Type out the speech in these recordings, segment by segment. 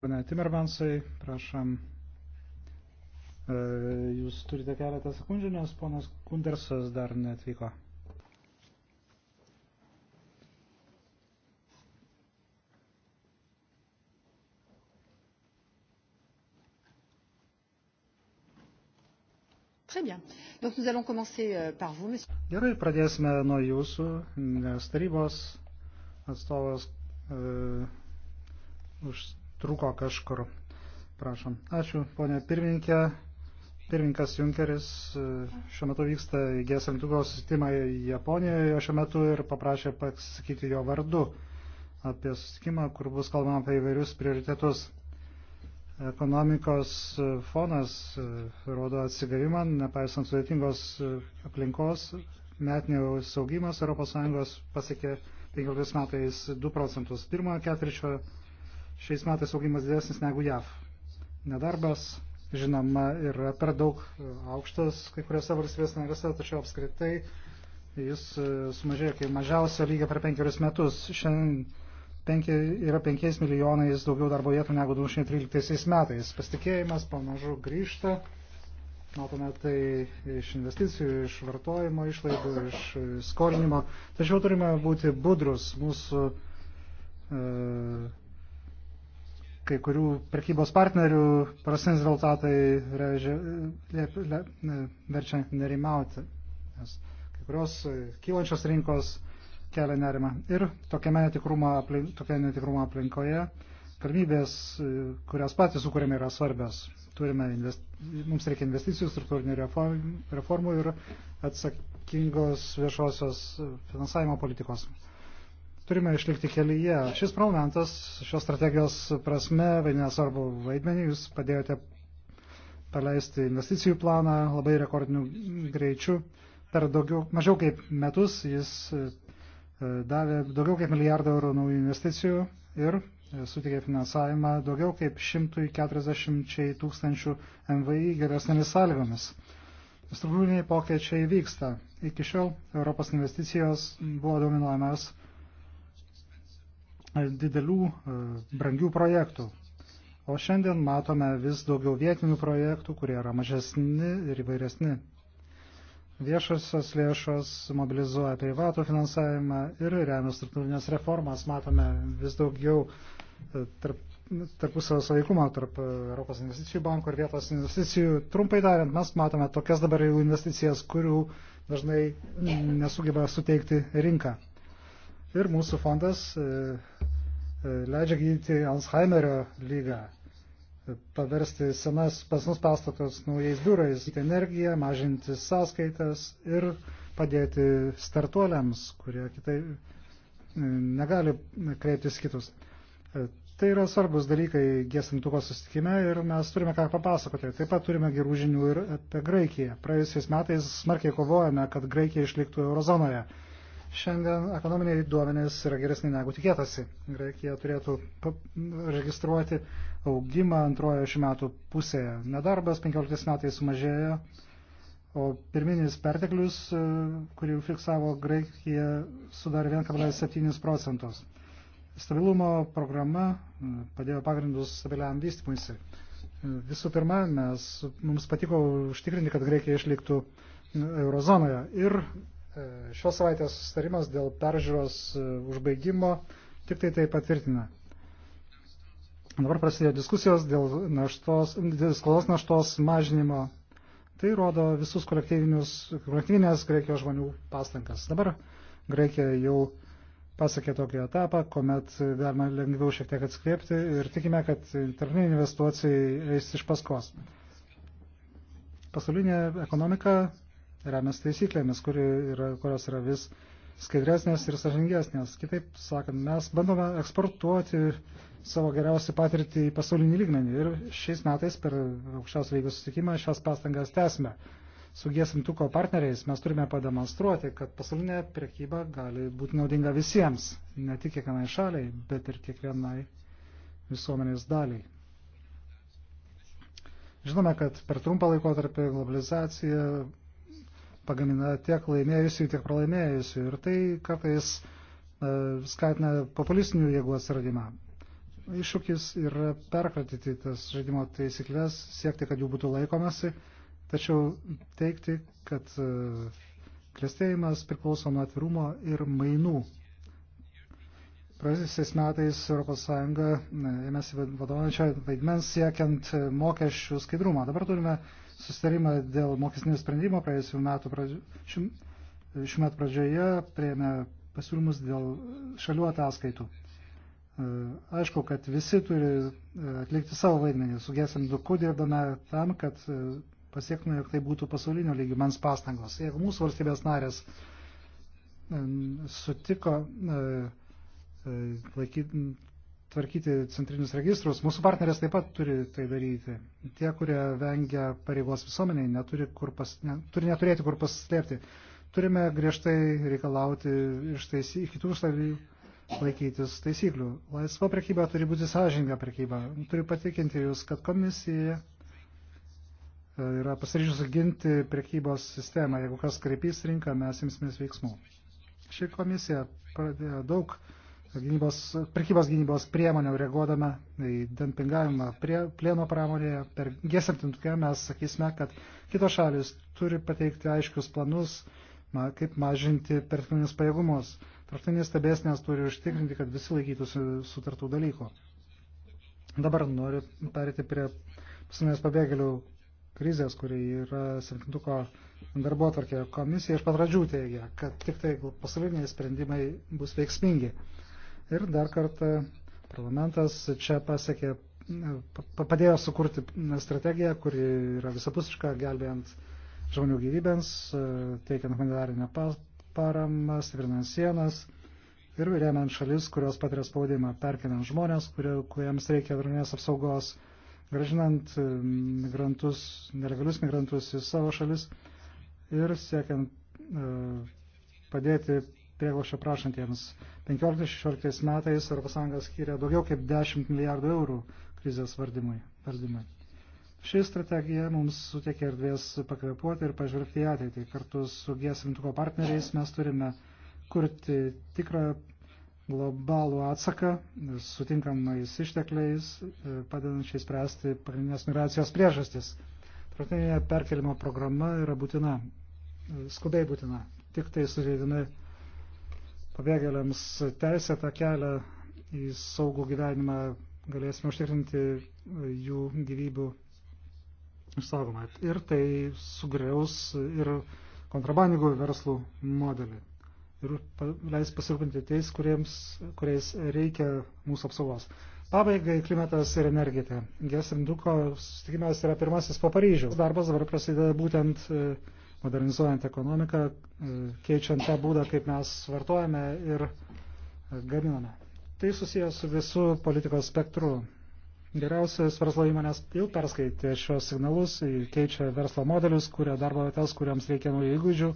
Pane Timermansai, prašom. E, jūs turite keletą sekundžių, nes ponas Kundersas dar netvyko. Très bien. Donc nous allons commencer euh, par vous, monsieur. Gerai, pradėsime nuo jūsų, nes tarybos atstovas uh, už trūko kažkur. Prašom. Ačiū, ponė pirmininkė. Pirmininkas Junkeris e, šiuo metu vyksta į G7 susitikimą Japonijoje šiuo metu ir paprašė pasakyti jo vardu apie susitikimą, kur bus kalbama apie įvairius prioritetus. Ekonomikos fonas e, rodo atsigavimą, nepaisant sudėtingos e, aplinkos, metinio saugimas ES pasiekė 15 metais 2 procentus. Pirmojo ketvirčio Šiais metais augimas didesnis negu JAV. Nedarbas, žinoma, yra per daug e, aukštas kai kuriuose valstybės narėse, tačiau apskritai jis e, sumažėjo iki mažiausio lygio per penkerius metus. Šiandien penki, yra penkiais milijonais daugiau darbo vietų negu 2013 metais. Pasitikėjimas pamažu grįžta. Matome tai iš investicijų, iš vartojimo išlaidų, iš e, skolinimo. Tačiau turime būti budrus mūsų e, kai kurių prekybos partnerių prasinis rezultatai režia, le, le, ne, verčia nerimauti, nes kai kurios e, kylančios rinkos kelia nerimą. Ir tokiame netikrumo, aplink, tokia netikrumo aplinkoje galimybės, e, kurias patys sukūrėme, yra svarbios. Turime invest, mums reikia investicijų, struktūrinių reformų ir atsakingos viešosios finansavimo politikos turime išlikti kelyje. Šis parlamentas šios strategijos prasme vaidina svarbu vaidmenį. Jūs padėjote paleisti investicijų planą labai rekordiniu greičiu. Per daugiau, mažiau kaip metus jis e, davė daugiau kaip milijardą eurų naujų investicijų ir e, suteikė finansavimą daugiau kaip 140 tūkstančių MVI geresnėmis sąlygomis. Struktūriniai pokėčiai vyksta. Iki šiol Europos investicijos buvo dominuojamas E, didelių e, brangių projektų. O šiandien matome vis daugiau vietinių projektų, kurie yra mažesni ir įvairesni. Viešosios lėšos mobilizuoja privatų finansavimą ir remia struktūrinės reformas. Matome vis daugiau e, tarp, tarpusavio sąveikumo tarp Europos investicijų banko ir vietos investicijų. Trumpai tariant, mes matome tokias dabar jau investicijas, kurių dažnai nesugeba suteikti rinka. Ir mūsų fondas E, leidžia gydyti Alzheimerio lygą, e, paversti senas pasnus pastatus naujais biurais, energiją, mažinti sąskaitas ir padėti startuoliams, kurie kitai e, negali kreiptis kitus. Tai yra svarbus dalykai G7 susitikime ir mes turime ką papasakoti. Taip pat turime gerų žinių ir apie Graikiją. Praėjusiais metais smarkiai kovojame, kad Graikija išliktų eurozonoje. Šiandien ekonominiai duomenys yra geresni negu tikėtasi. Graikija turėtų registruoti augimą antrojo šių metų pusėje. Nedarbas 15 metais sumažėjo, o pirminis perteklius, e, kurį fiksavo Graikija, sudarė 1,7 procentos. Stabilumo programa e, padėjo pagrindus stabiliam vystymuisi. E, visų pirma, mes, mums patiko užtikrinti, kad Graikija išliktų eurozonoje ir E, šios savaitės sustarimas dėl peržiūros e, užbaigimo tik tai tai patvirtina. Dabar prasidėjo diskusijos dėl, naštos, dėl skolos naštos mažinimo. Tai rodo visus kolektyvinės Graikijos žmonių pastangas. Dabar Graikija jau pasakė tokį etapą, kuomet galima lengviau šiek tiek atskriepti ir tikime, kad tarpiniai investuocijai eis iš paskos. Pasaulinė ekonomika remiasi taisyklėmis, kuri yra, kurios yra vis skaidresnės ir sažingesnės. Kitaip sakant, mes bandome eksportuoti savo geriausią patirtį į pasaulinį lygmenį ir šiais metais per aukščiausią lygos susitikimą šias pastangas tęsime. Su G7 partneriais mes turime pademonstruoti, kad pasaulinė priekyba gali būti naudinga visiems, ne tik kiekvienai šaliai, bet ir kiekvienai visuomenės daliai. Žinome, kad per trumpą laikotarpį globalizacija pagamina tiek laimėjusių, tiek pralaimėjusių. Ir tai kartais e, skatina populistinių jėgų atsiradimą. Iššūkis yra perkratyti tas žaidimo taisyklės, siekti, kad jų būtų laikomasi, tačiau teikti, kad e, klėstėjimas priklauso nuo atvirumo ir mainų. Praėjusiais metais ES e, ėmėsi vadovančio vaidmens siekiant mokesčių skaidrumą. Dabar turime uh, susitarimą dėl mokestinio sprendimo praėjusių metų pradžioje, šių metų pradžioje prieėmė pasiūlymus dėl šalių ataskaitų. E, aišku, kad visi turi e, atlikti savo vaidmenį. Su GSM2 dirbame tam, kad e, pasiektume, jog tai būtų pasaulinio lygimens pastangos. Jeigu mūsų valstybės narės sutiko laikyti tvarkyti centrinius registrus. Mūsų partnerės taip pat turi tai daryti. Tie, kurie vengia pareigos visuomeniai, neturi, kur pas, ne, turi neturėti kur pasislėpti. Turime griežtai reikalauti iš taisy, kitų šalių laikytis taisyklių. Laisva prekyba turi būti sąžininga prekyba. Turiu patikinti Jūs, kad komisija e, yra pasiryžusi ginti prekybos sistemą. Jeigu kas kreipys rinką, mes imsimės veiksmų. Ši komisija pradėjo daug uh, gynybos, prekybos gynybos priemonių reaguodame į dempingavimą prie plėno pramonėje. Per G7 mes sakysime, kad kitos šalis turi pateikti aiškius planus, ma, kaip mažinti perteklinius pajėgumus. Tarptautinės stebėsnės turi užtikrinti, kad visi laikytųsi sutartų dalykų. Dabar noriu perėti prie pasimės pabėgėlių krizės, kuri yra septintuko darbo atvarkė. Komisija iš pat pradžių teigia, kad tik tai pasauliniai sprendimai bus veiksmingi. Ir dar kartą parlamentas čia pasiekė, padėjo sukurti strategiją, kuri yra visapusiška, gelbėjant žmonių gyvybėms, e, teikiant humanitarinę paramą, stiprinant sienas ir remiant šalis, kurios patiria spaudimą, perkeliant žmonės, kurie, kuriems reikia dronės apsaugos, gražinant e, migrantus, nelegalius migrantus į savo šalis ir siekiant e, padėti prieglošio prašantiems. 15-16 metais ES skyrė daugiau kaip 10 milijardų eurų krizės vardymui. vardymui. Ši strategija mums suteikia erdvės pakvepuoti ir pažvelgti į ateitį. Kartu su G7 partneriais mes turime kurti tikrą globalų atsaką sutinkamais ištekliais, e, padedančiais spręsti pagrindinės migracijos priežastis. Tarptautinė perkelimo programa yra būtina, e, skubiai būtina. Tik tai sudėdami pabėgėliams teisėtą kelią į saugų gyvenimą galėsime užtikrinti e, jų gyvybių išsaugomą. Ir tai sugriaus ir kontrabandingų verslų modelį. Ir leis pasirūpinti tais, kuriems, kuriais reikia mūsų apsaugos. Pabaigai klimatas ir energetika. Gesim Duko susitikimas yra pirmasis po Paryžiaus. Darbas dabar prasideda būtent uh, modernizuojant ekonomiką, e, keičiant tą būdą, kaip mes vartojame ir gaminame. Tai susijęs su visu politikos spektru. Geriausios verslo įmonės jau perskaitė šios signalus, keičia verslo modelius, kuria darbo vietas, kuriams reikia naujų įgūdžių,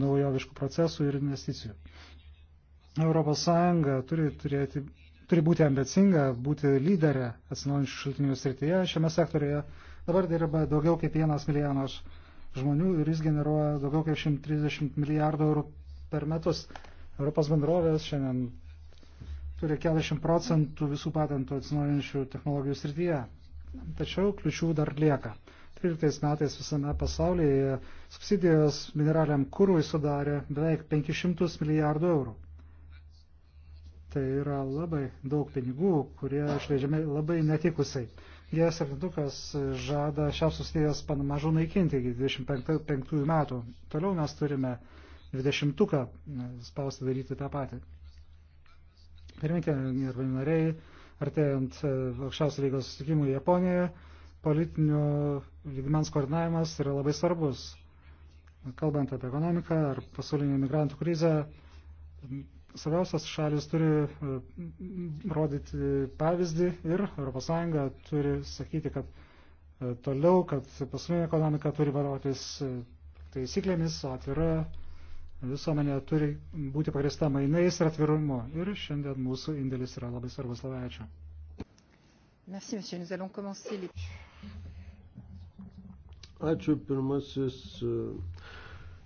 naujoviškų procesų ir investicijų. Europos Sąjunga turi, turėti, turi būti ambicinga, būti lyderė atsinaujančių šaltinių srityje šiame sektorėje. Dabar dirba daugiau kaip vienas milijonas žmonių ir jis generuoja daugiau kaip 130 milijardų eurų per metus. Europos bendrovės šiandien turi 40 procentų visų patentų atsinaujinčių technologijų srityje. Tačiau kliučių dar lieka. 2013 metais visame pasaulyje subsidijos mineraliam kūrui sudarė beveik 500 milijardų eurų. Tai yra labai daug pinigų, kurie išleidžiami labai netikusiai. G7 žada šią susitėjęs panamažu naikinti iki 25 metų. Toliau mes turime 20 spausti daryti tą patį. Pirminkė ir nariai, artėjant e, aukščiausio lygos susitikimui Japonijoje, politinio lygmens koordinavimas yra labai svarbus. Kalbant apie ekonomiką ar pasaulinį migrantų krizę, svarbiausias šalis turi e, rodyti pavyzdį ir ES turi sakyti, kad e, toliau, kad pasaulinė ekonomika turi vadovotis e, taisyklėmis, o atvira visuomenė turi būti pagrįsta mainais ir atvirumu. Ir šiandien mūsų indėlis yra labai svarbus. Labai ačiū. Merci, monsieur. Nous allons commencer les... Ačiū. Pirmasis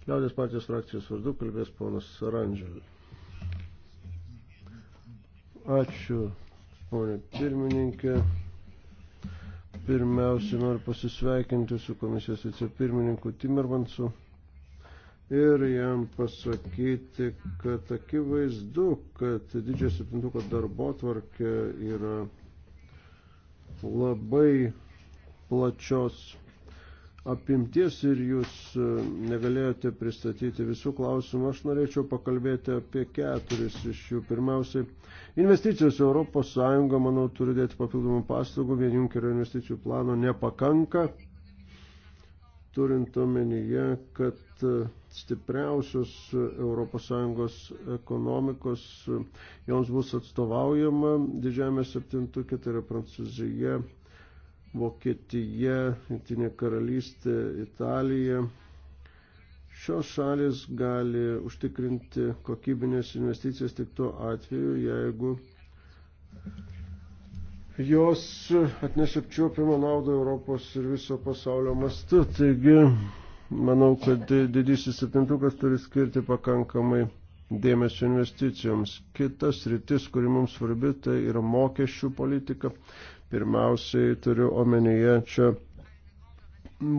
Liaudės partijos frakcijos vardu kalbės ponas Sarandželis. Ačiū, ponė pirmininkė. Pirmiausia, noriu pasisveikinti su komisijos vicepirmininku Timermansu ir jam pasakyti, kad akivaizdu, kad didžiojo septintuko darbo tvarkė yra labai plačios apimties ir jūs e, negalėjote pristatyti visų klausimų. Aš norėčiau pakalbėti apie keturis iš jų. Pirmiausiai, investicijos Europos Sąjunga, manau, turi dėti papildomų pastogų, vien Junkerio investicijų plano nepakanka, turint omenyje, kad e, stipriausios Europos Sąjungos ekonomikos e, joms bus atstovaujama didžiame septintukė, tai yra Prancūzija, Vokietija, Jungtinė karalystė, Italija. Šios šalis gali užtikrinti kokybinės investicijas tik tuo atveju, jeigu jos atneš apčiuopimą naudą Europos ir viso pasaulio mastu. Taigi, manau, kad didysis septintukas turi skirti pakankamai dėmesio investicijoms. Kitas rytis, kuri mums svarbi, tai yra mokesčių politika. Pirmiausiai turiu omenyje čia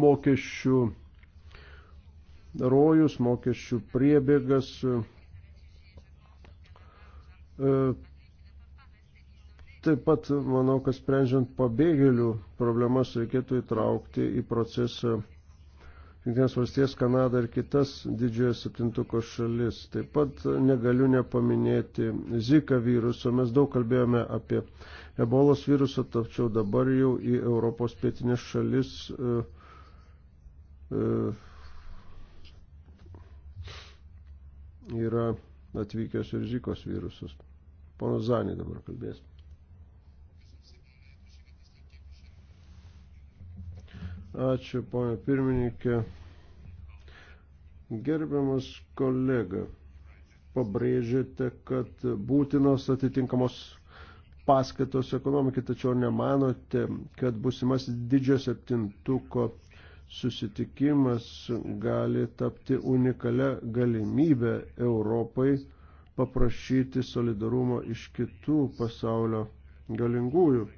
mokesčių rojus, mokesčių priebėgas, e, Taip pat manau, kad sprendžiant pabėgėlių problemas reikėtų įtraukti į procesą Junktinės valstijas, Kanadą ir kitas didžiojo septintuko šalis. Taip pat negaliu nepaminėti Zika viruso. Mes daug kalbėjome apie ebolos virusą, tačiau dabar jau į Europos pietinės šalis uh, uh, yra atvykęs ir Zikos virusas. Pono Zanį dabar kalbės. Ačiū, ponia pirmininkė. Gerbiamas kolega, pabrėžėte, kad būtinos atitinkamos paskatos ekonomikai, tačiau nemanote, kad busimas didžio septintuko susitikimas gali tapti unikalią galimybę Europai paprašyti solidarumo iš kitų pasaulio galingųjų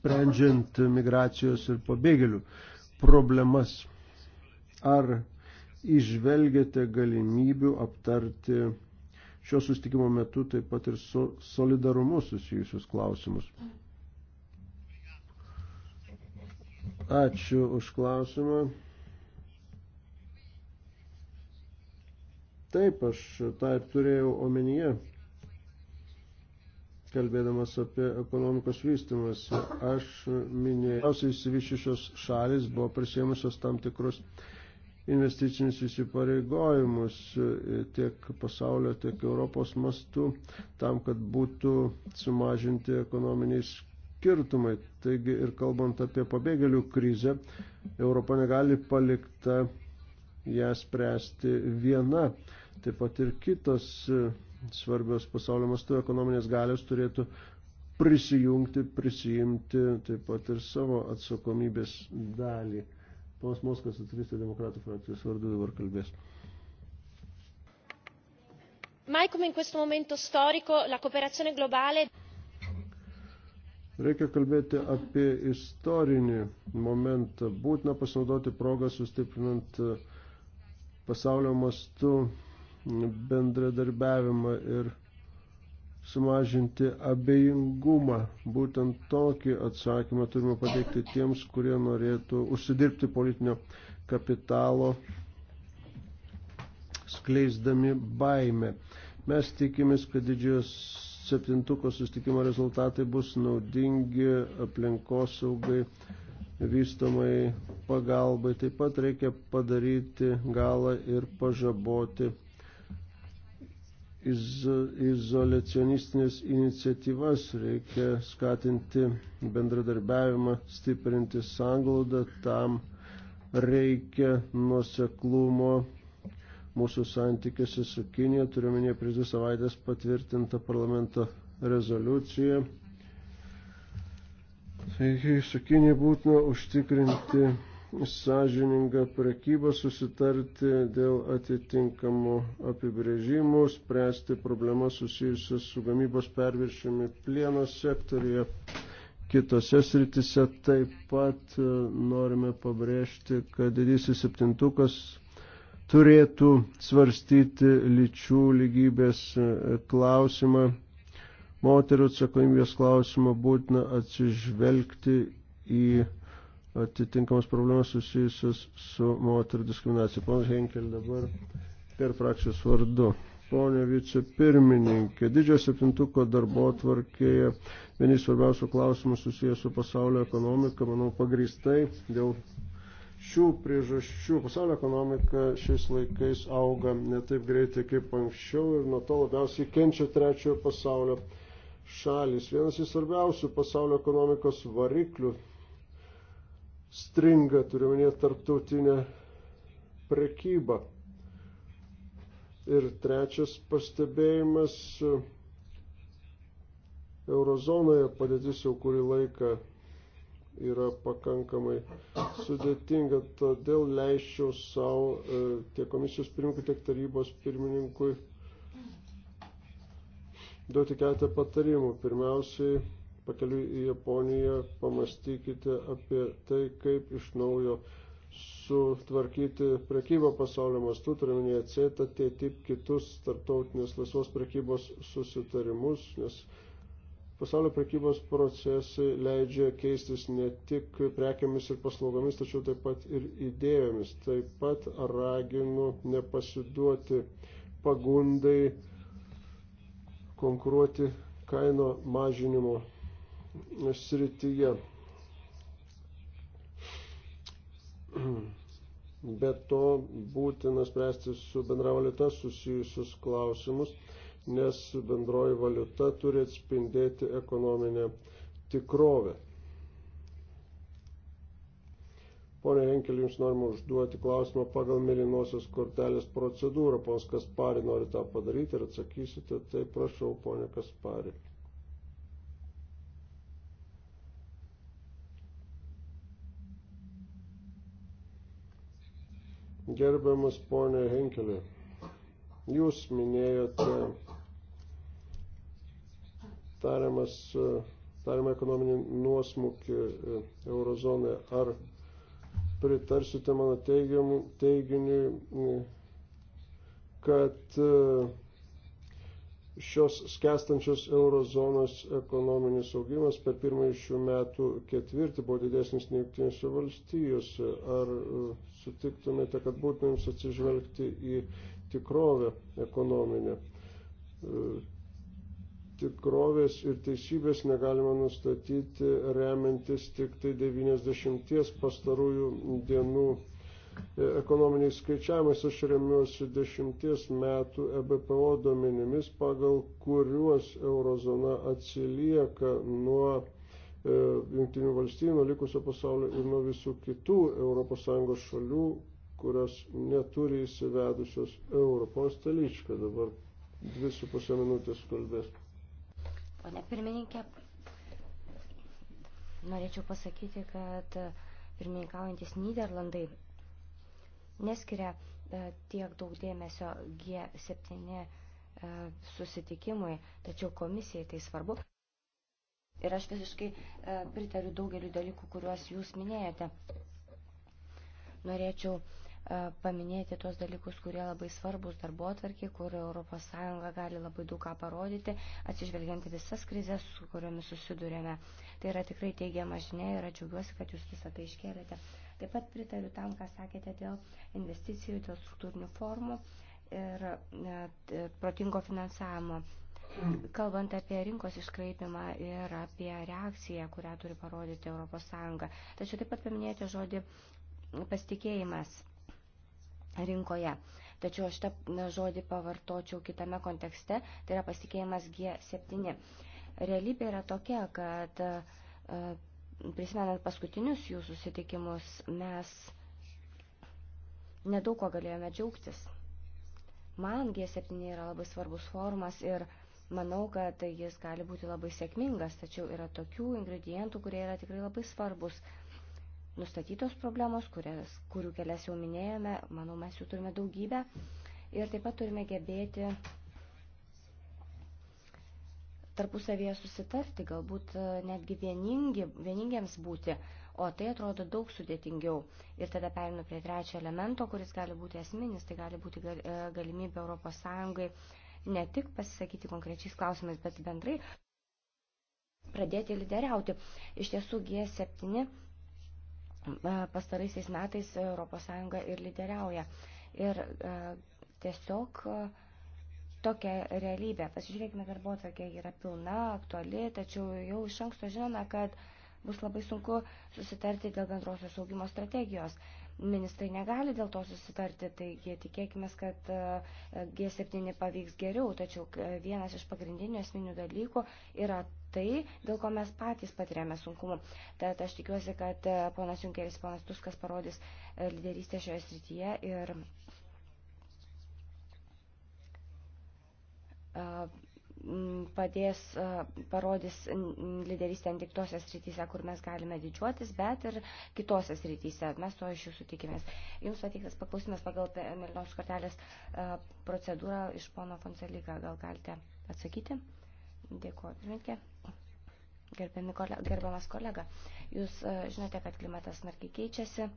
sprendžiant migracijos ir pabėgėlių problemas. Ar išvelgiate galimybių aptarti šio sustikimo metu taip pat ir su solidarumu susijusius klausimus? Ačiū už klausimą. Taip, aš tą ir turėjau omenyje kalbėdamas apie ekonomikos vystimas. Aš minėjau, įsivyšiusios šalis buvo prisėmusios tam tikrus investicinius įsipareigojimus tiek pasaulio, tiek Europos mastu, tam, kad būtų sumažinti ekonominiai skirtumai. Taigi ir kalbant apie pabėgėlių krizę, Europa negali palikta ją spręsti viena. Taip pat ir kitos svarbios pasaulio mastu ekonominės galios turėtų prisijungti, prisijimti taip pat ir savo atsakomybės dalį. Ponas Moskas, atsivystė demokratų frakcijos vardu, dabar kalbės. Mai come in questo momento storico la cooperazione globale. Reikia kalbėti apie istorinį momentą. Būtina pasinaudoti progą sustiprinant pasaulio mastu bendradarbiavimą ir sumažinti abejingumą. Būtent tokį atsakymą turime pateikti tiems, kurie norėtų užsidirbti politinio kapitalo, skleisdami baimę. Mes tikimės, kad didžios septintuko sustikimo rezultatai bus naudingi aplinkosaugai, vystomai pagalbai. Taip pat reikia padaryti galą ir pažaboti iz, izolacionistinės iniciatyvas, reikia skatinti bendradarbiavimą, stiprinti sanglaudą, tam reikia nuoseklumo mūsų santykiuose su Kinė, turiuomenė prieš dvi savaitės patvirtinta parlamento rezoliucija. Taigi su Kinė būtina užtikrinti sąžiningą prekybą, susitarti dėl atitinkamų apibrėžimų, spręsti problemas susijusias su gamybos perviršimi plieno sektorija. Kitose sritise taip pat e, norime pabrėžti, kad didysis septintukas turėtų svarstyti lyčių lygybės e, klausimą, moterų atsakomybės klausimą būtina atsižvelgti į atitinkamas problemas susijusius su moterų diskriminacija. Ponas Henkel dabar per frakcijos vardu. Pone vicepirmininkė, didžiojo septintuko darbo tvarkėje vienas svarbiausių klausimų susijęs su pasaulio ekonomika, manau, pagristai dėl šių priežasčių. Pasaulio ekonomika šiais laikais auga ne taip greitai kaip anksčiau ir nuo to labiausiai kenčia trečiojo pasaulio šalis. Vienas iš svarbiausių pasaulio ekonomikos variklių stringa, turiuomenė, tarptautinė prekyba. Ir trečias pastebėjimas, eurozonoje padėtis jau kurį laiką yra pakankamai sudėtinga, todėl leisčiau savo e, tiek komisijos pirmininkui, tiek tarybos pirmininkui duoti keletą patarimų. Pirmiausiai, pakeliui į Japoniją pamastykite apie tai, kaip iš naujo sutvarkyti prekybą pasaulio mastu, turime minėję CETA, TTIP, kitus tarptautinės laisvos prekybos susitarimus, nes pasaulio prekybos procesai leidžia keistis ne tik prekiamis ir paslaugomis, tačiau taip pat ir idėjomis. Taip pat raginu nepasiduoti pagundai konkuruoti kaino mažinimo srityje. Be to būtina spręsti su bendra valiuta susijusius klausimus, nes bendroji valiuta turi atspindėti ekonominę tikrovę. Pone Henkel, jums norima užduoti klausimą pagal mėlynosios kortelės procedūrą. Pons Kaspari nori tą padaryti ir atsakysite. Tai prašau, ponė Kaspari. Gerbiamas ponė Henkelė, jūs minėjote tariamas, tariamą ekonominį nuosmukį e, eurozonoje. Ar pritarsite mano teigiamų teiginiui, e, kad uh, šios skestančios eurozonos ekonominis augimas per pirmąjį šių metų ketvirtį buvo didesnis nei jungtinėse valstijose. Ar e, sutiktumėte, kad būtų jums atsižvelgti į tikrovę ekonominę? E, tikrovės ir teisybės negalima nustatyti remiantis tik tai 90 pastarųjų dienų E, ekonominiais skaičiavimais aš remiuosi dešimties metų EBPO duomenimis, pagal kuriuos eurozona atsilieka nuo e, Junktinių valstybių, nuo likusio pasaulio ir nuo visų kitų ES šalių, kurios neturi įsivedusios Europos talyčką. Dabar dvi su pusė minutės kalbės. Pone pirmininkė, norėčiau pasakyti, kad pirmininkaujantis Niderlandai neskiria e, tiek daug dėmesio G7 e, susitikimui, tačiau komisijai tai svarbu. Ir aš visiškai e, pritariu daugeliu dalykų, kuriuos jūs minėjote. Norėčiau paminėti tos dalykus, kurie labai svarbus darbo atvarkė, kur ES gali labai daug ką parodyti, atsižvelgiant visas krizės, su kuriomis susidurėme. Tai yra tikrai teigiama žinia ir aš džiaugiuosi, kad jūs visą tai iškėlėte. Taip pat pritariu tam, ką sakėte dėl investicijų, dėl struktūrinių formų ir e, protingo finansavimo. Kalbant apie rinkos iškraipimą ir apie reakciją, kurią turi parodyti ES. Tačiau taip pat paminėjote žodį pasitikėjimas rinkoje. Tačiau aš tą žodį pavartočiau kitame kontekste, tai yra pasitikėjimas G7. Realybė yra tokia, kad e, prisimenant paskutinius jų susitikimus, mes nedaug ko galėjome džiaugtis. Man G7 yra labai svarbus formas ir manau, kad jis gali būti labai sėkmingas, tačiau yra tokių ingredientų, kurie yra tikrai labai svarbus. Nustatytos problemos, kurias, kurių kelias jau minėjome, manau, mes jų turime daugybę ir taip pat turime gebėti tarpusavėje susitarti, galbūt e, netgi vieningi, vieningiems būti, o tai atrodo daug sudėtingiau. Ir tada perinu prie trečio elemento, kuris gali būti esminis, tai gali būti e, galimybė Europos Sąjungai ne tik pasisakyti konkrečiais klausimais, bet bendrai pradėti lyderiauti. Iš tiesų G7 e, pastaraisiais metais Europos Sąjunga ir lyderiauja. Ir tiesiog tokią realybę. Pasižiūrėkime, darbo tokia yra pilna, aktuali, tačiau jau iš anksto žinome, kad bus labai sunku susitarti dėl bendrosios saugimo strategijos. Ministrai negali dėl to susitarti, taigi tikėkime, kad e, G7 pavyks geriau, tačiau e, vienas iš pagrindinių esminių dalykų yra tai, dėl ko mes patys patiriame sunkumų. Tad aš tikiuosi, kad e, ponas Junkeris, ponas Tuskas parodys lyderystę šioje srityje ir padės, parodys lyderystę ne tik tose srityse, kur mes galime didžiuotis, bet ir kitose srityse. Mes to iš jūsų tikimės. Jums pateiktas paklausimas pagal Melinos kortelės procedūrą iš pono Fonseliką. Gal galite atsakyti? Dėkuoju, pirmininkė. Kolega, gerbiamas kolega, jūs žinote, kad klimatas smarkiai keičiasi.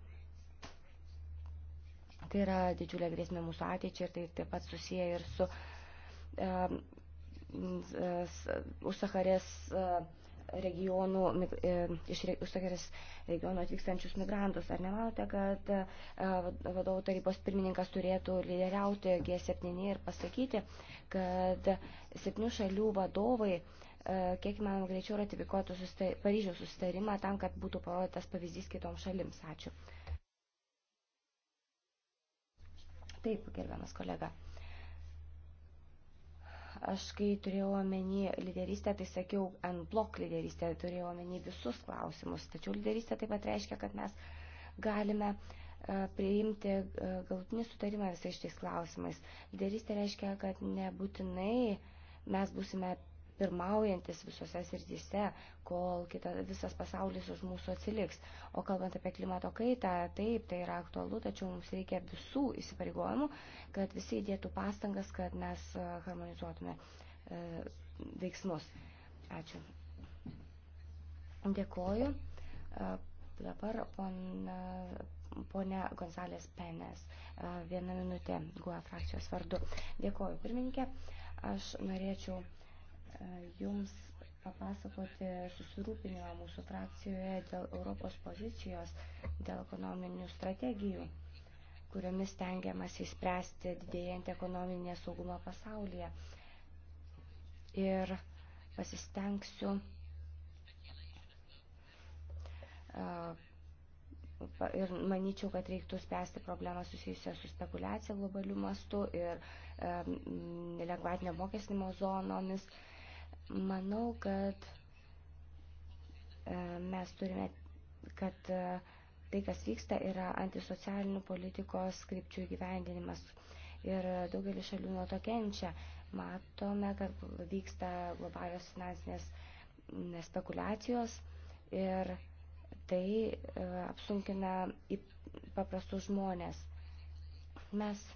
Tai yra didžiulė grėsmė mūsų ateičiai ir tai taip pat susiję ir su uh, Um, užsaharės uh, regionų, e, iš užsakarės regionų atvykstančius migrantus. Ar nemanote, kad uh, vadovų tarybos pirmininkas turėtų lyderiauti G7 ir pasakyti, kad septynių šalių vadovai uh, kiek įmanoma greičiau ratifikuotų sustai, Paryžiaus sustarimą tam, kad būtų parodytas pavyzdys kitoms šalims. Ačiū. Taip, gerbiamas kolega. Aš, kai turėjau omeny lyderystę, tai sakiau, ant blok lyderystę turėjau omeny visus klausimus. Tačiau lyderystė taip pat reiškia, kad mes galime e, priimti e, galutinį sutarimą visais šiais klausimais. Lyderystė reiškia, kad nebūtinai mes būsime pirmaujantis visose srityse, kol kita, visas pasaulis už mūsų atsiliks. O kalbant apie klimato kaitą, taip, tai yra aktualu, tačiau mums reikia visų įsipareigojimų, kad visi įdėtų pastangas, kad mes e, harmonizuotume e, veiksmus. Ačiū. Dėkoju. E, dabar ponia, ponia Gonzalės Penes. Vieną minutę GUA frakcijos vardu. Dėkoju, pirmininkė. Aš norėčiau Jums papasakoti susirūpinimą mūsų frakcijoje dėl Europos pozicijos, dėl ekonominių strategijų, kuriomis tengiamas įspręsti didėjant ekonominę saugumą pasaulyje. Ir pasistengsiu ir manyčiau, kad reiktų spręsti problemą susijusią su spekulacija globaliu mastu ir nelengvatinio mokesnimo zonomis. E, Manau, kad e, mes turime, kad e, tai, kas vyksta, yra antisocialinių politikos skripčių gyvendinimas. Ir daugelis šalių nuo to kenčia. Matome, kad vyksta globalios finansinės spekulacijos ir tai e, apsunkina paprastus žmonės. Mes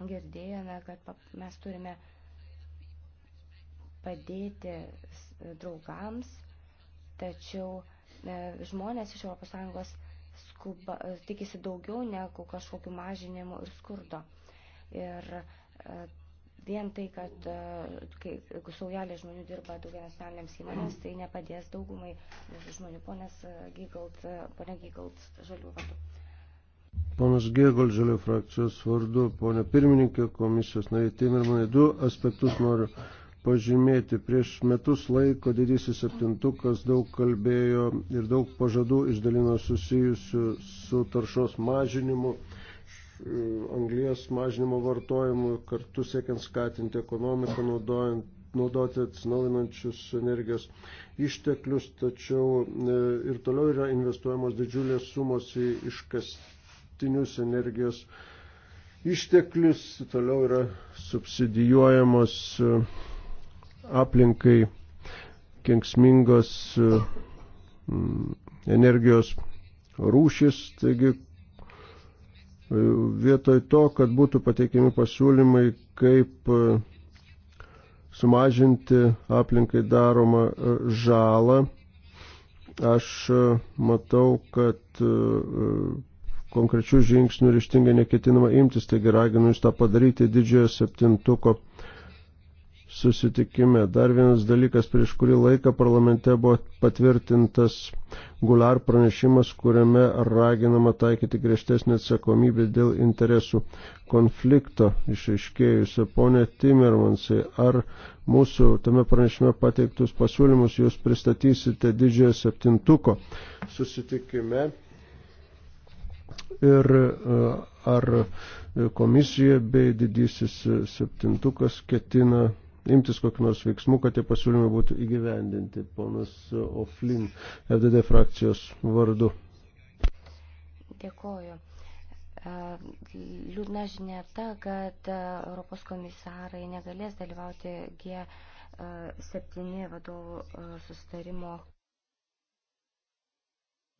girdėjome, kad mes turime padėti draugams, tačiau e, žmonės iš ES skuba, e, tikisi daugiau negu kažkokiu mažinimu ir skurdo. Ir e, vien tai, kad kai saujelė žmonių dirba daugia nacionalinėms įmonėms, tai nepadės daugumai žmonių. Ponas Gygalt, ponė Gygalt, žalių vardu. Ponas Gėgol, žalio frakcijos vardu, ponė pirmininkė, komisijos nariai Timirmanai, du aspektus noriu pažymėti. Prieš metus laiko didysis septintukas daug kalbėjo ir daug pažadų išdalino susijusių su taršos mažinimu, anglijas mažinimo vartojimu, kartu siekiant skatinti ekonomiką, naudojant, naudoti atsinaujinančius energijos išteklius, tačiau e, ir toliau yra investuojamos didžiulės sumos į iškastinius energijos išteklius, toliau yra subsidijuojamos aplinkai kenksmingos e, mm, energijos rūšis. Taigi e, vietoj to, kad būtų pateikiami pasiūlymai, kaip e, sumažinti aplinkai daromą žalą, aš matau, kad konkrečių žingsnių ryštingai neketinama imtis, taigi raginu jūs tą padaryti didžiojo septintuko susitikime. Dar vienas dalykas, prieš kurį laiką parlamente buvo patvirtintas gular pranešimas, kuriame raginama taikyti griežtesnį atsakomybę dėl interesų konflikto išaiškėjusio. Pone Timermansai, ar mūsų tame pranešime pateiktus pasiūlymus jūs pristatysite didžiojo septintuko susitikime? Ir e, ar komisija bei didysis septintukas ketina imtis kokiu nors veiksmu, kad tie pasiūlymai būtų įgyvendinti. Ponas Oflin, FDD frakcijos vardu. Dėkoju. E, liūdna žinia ta, kad e, Europos komisarai negalės dalyvauti G7 e, vadovų sustarimo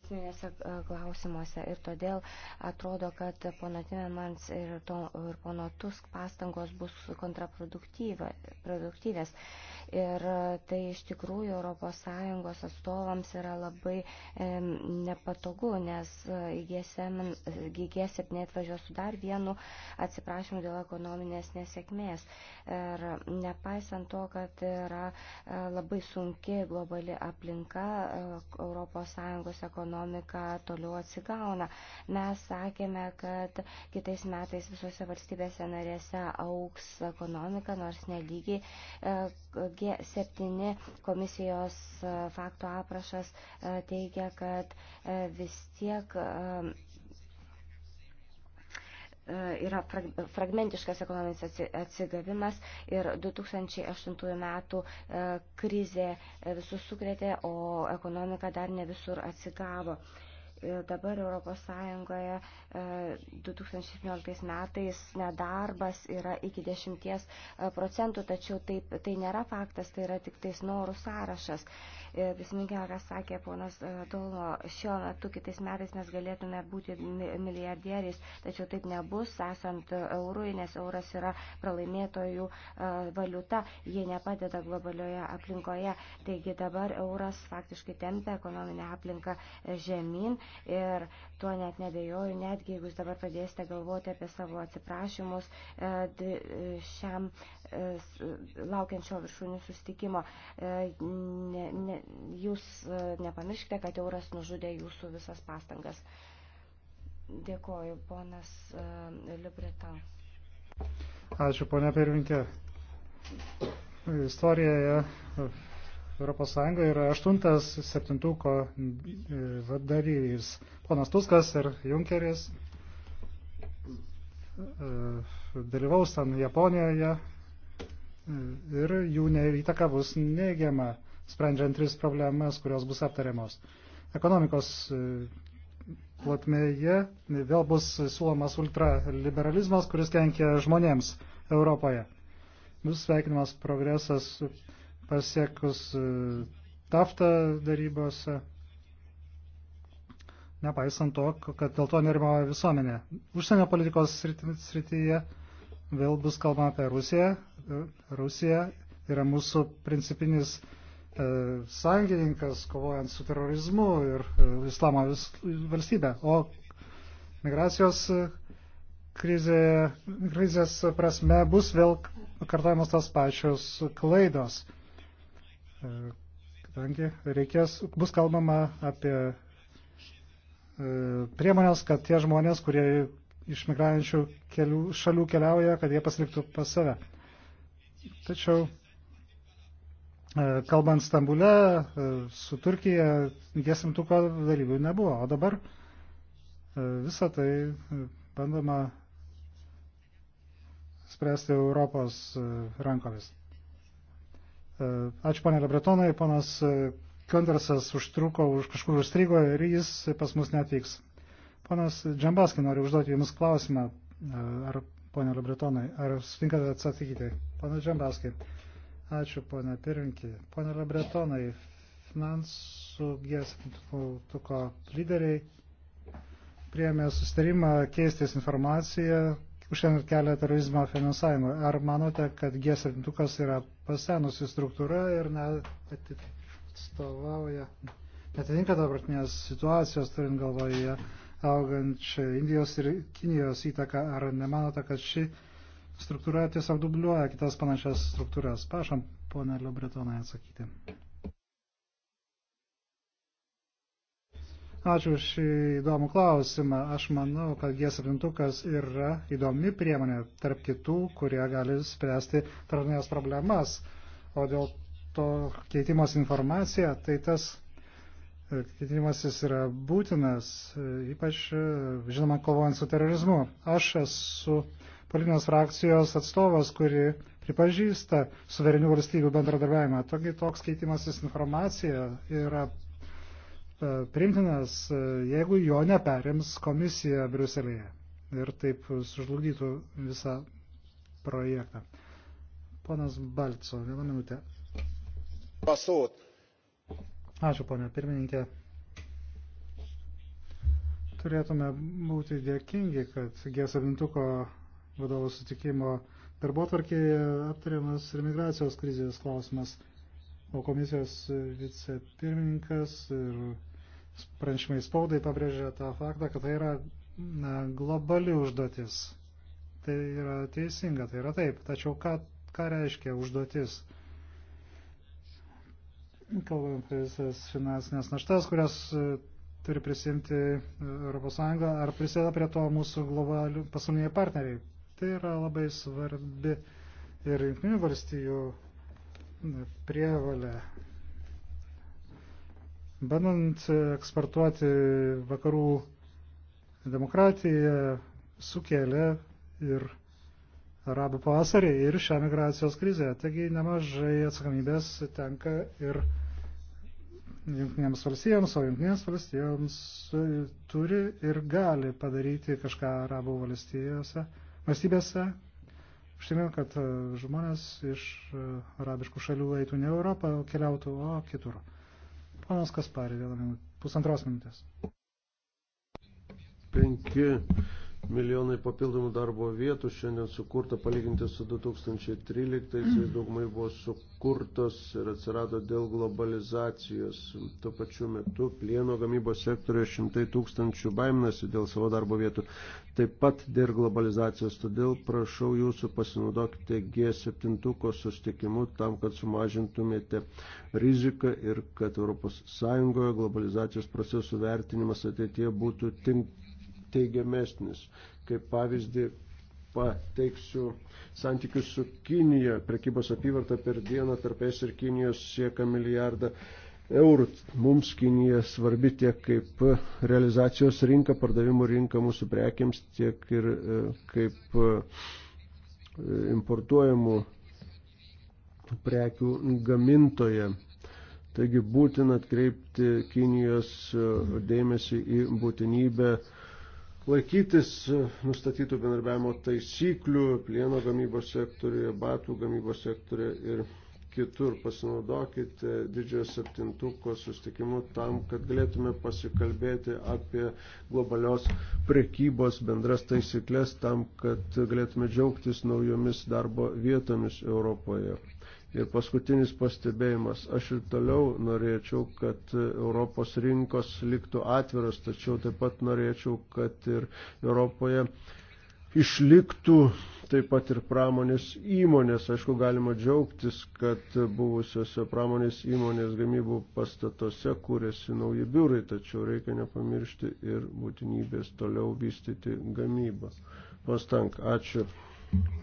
konstitucinėse e, klausimuose ir todėl atrodo, kad pono Timemans ir, to, ir pono Tusk pastangos bus kontraproduktyvės. Ir e, tai iš tikrųjų ES atstovams yra labai e, nepatogu, nes e, G7 atvažiuos su dar vienu atsiprašymu dėl ekonominės nesėkmės. Ir nepaisant to, kad yra e, labai sunki globali aplinka, e, ES ekonomika, ekonomika toliau atsigauna. Mes sakėme, kad kitais metais visose valstybėse narėse auks ekonomika, nors nelygiai. E, G7 komisijos e, faktų aprašas e, teigia, kad vis tiek yra fragmentiškas ekonominis atsigavimas ir 2008 metų e, krizė e, visus sukrėtė, o ekonomika dar ne visur atsigavo. E, dabar Europos Sąjungoje 2017 e, metais nedarbas yra iki 10 e, procentų, tačiau taip, tai nėra faktas, tai yra tik tais norų sąrašas. Prisiminkime, ką sakė ponas Dolmo, šiuo metu kitais metais mes galėtume būti milijardieriais, tačiau taip nebus, esant eurui, nes euras yra pralaimėtojų valiuta, jie nepadeda globalioje aplinkoje. Taigi dabar euras faktiškai tempia ekonominę aplinką žemyn Ir tuo net nebejoju, netgi jeigu jūs dabar pradėsite galvoti apie savo atsiprašymus e, e, šiam e, laukiančio viršūnių sustikimo, ne, ne, jūs nepamirškite, kad euras nužudė jūsų visas pastangas. Dėkoju, ponas Liubretan. Ačiū, ponia pirminkė. Istorijoje ES yra aštuntas septintuko vadarys. E, ponas Tuskas ir Junkeris e, dalyvaus ten Japonijoje e, ir jų įtaka bus neigiama, sprendžiant tris problemas, kurios bus aptariamos. Ekonomikos plotmėje vėl bus siūlomas ultraliberalizmas, kuris kenkia žmonėms Europoje. Bus sveikinamas progresas pasiekus e, taftą darybose, nepaisant to, kad dėl to nerimauja visuomenė. Užsienio politikos srityje vėl bus kalbama apie Rusiją. Rusija yra mūsų principinis e, sąjungininkas, kovojant su terorizmu ir e, islamo vis, valstybė. O migracijos e, krizė, krizės prasme bus vėl kartojamos tas pačios klaidos kadangi reikės, bus kalbama apie e, priemonės, kad tie žmonės, kurie iš migrančių kelių, šalių keliauja, kad jie pasiliktų pas save. Tačiau, e, kalbant Stambule, e, su Turkija gesimtuko dalyvių nebuvo, o dabar visą tai bandoma spręsti Europos rankomis. Ačiū panė Lebretonai, ponas e, Kondersas užtruko, už kažkur užstrigo ir jis pas mus netvyks. Ponas Džambaskai nori užduoti Jums klausimą, e, ar ponė Lebretonai, ar sutinkate atsakyti? Ponas Džambaskai. Ačiū, ponė Pirinkė. Ponė Lebretonai, finansų G7 lyderiai priėmė sustarimą keistis informaciją užkirtant kelią terorizmo finansavimui. Ar manote, kad G7 yra pasenusi struktūra ir neatstovauja, netitinka dabartinės situacijos, turint galvoje augančią Indijos ir Kinijos įtaką, ar nemanote, kad ši struktūra tiesiog dubliuoja kitas panašias struktūras? Prašom, ponelio Bretonai, atsakyti. Ačiū už šį įdomų klausimą. Aš manau, kad G7 yra įdomi priemonė tarp kitų, kurie gali spręsti tarptautinės problemas. O dėl to keitimas informacija, tai tas e, keitimasis yra būtinas, e, ypač, e, žinoma, kovojant su terorizmu. Aš esu politinės frakcijos atstovas, kuri pripažįsta suverenių valstybių bendradarbiavimą. Togi toks keitimasis informacija yra E, primtinas, e, jeigu jo neperims komisija Briuselėje ir taip sužlugdytų visą projektą. Ponas Balco, vieną minutę. Pasūt. Ačiū, ponė pirmininkė. Turėtume būti dėkingi, kad G7 vadovų sutikimo darbo tvarkėje aptariamas ir migracijos krizės klausimas, o komisijos vicepirmininkas ir pranešimai spaudai pabrėžia tą faktą, kad tai yra na, globali užduotis. Tai yra teisinga, tai yra taip. Tačiau ką, ką reiškia užduotis? Kalbant apie visas finansinės naštas, kurias e, turi prisimti ES, ar prisėda prie to mūsų globalių pasauliniai partneriai. Tai yra labai svarbi ir jungtinių valstijų prievalė Bandant eksportuoti vakarų demokratiją, sukėlė ir arabų pavasarį ir šią migracijos krizę. Taigi nemažai atsakomybės tenka ir jungtinėms valstijoms, o jungtinėms valstijoms turi ir gali padaryti kažką arabų valstijose, valstybėse. Užtikrinu, kad žmonės iš arabiškų šalių eitų ne Europą, o keliautų, o kitur. Panas Kasparė, vieną minutę, pusantros minutės. Penki milijonai papildomų darbo vietų šiandien sukurta palyginti su 2013-aisiais daugumai buvo sukurtos ir atsirado dėl globalizacijos. Tuo pačiu metu plieno gamybos sektorioje šimtai tūkstančių baiminasi dėl savo darbo vietų, taip pat dėl globalizacijos. Todėl prašau jūsų pasinaudokite G7 sustikimu tam, kad sumažintumėte riziką ir kad ES globalizacijos procesų vertinimas ateitie būtų tinkamas teigiamesnis. Kaip pavyzdį pateiksiu santykius su Kinija. Prekybos apyvarta per dieną tarp es ir Kinijos sieka milijardą eurų. Mums Kinija svarbi tiek kaip realizacijos rinka, pardavimų rinka mūsų prekiams, tiek ir e, kaip e, importuojamų prekių gamintoje. Taigi būtina atkreipti Kinijos e, dėmesį į būtinybę uh, laikytis e, nustatytų bendarbiavimo taisyklių plieno gamybos sektoriuje, batų gamybos sektoriuje ir kitur. Pasinaudokite didžiojo septintuko sustikimu tam, kad galėtume pasikalbėti apie globalios prekybos bendras taisyklės, tam, kad galėtume džiaugtis naujomis darbo vietomis Europoje. Ir paskutinis pastebėjimas. Aš ir toliau norėčiau, kad Europos rinkos liktų atviras, tačiau taip pat norėčiau, kad ir Europoje išliktų taip pat ir pramonės įmonės. Aišku, galima džiaugtis, kad buvusiose pramonės įmonės gamybų pastatuose kūrėsi nauji biurai, tačiau reikia nepamiršti ir būtinybės toliau vystyti gamybą. Pastank, ačiū.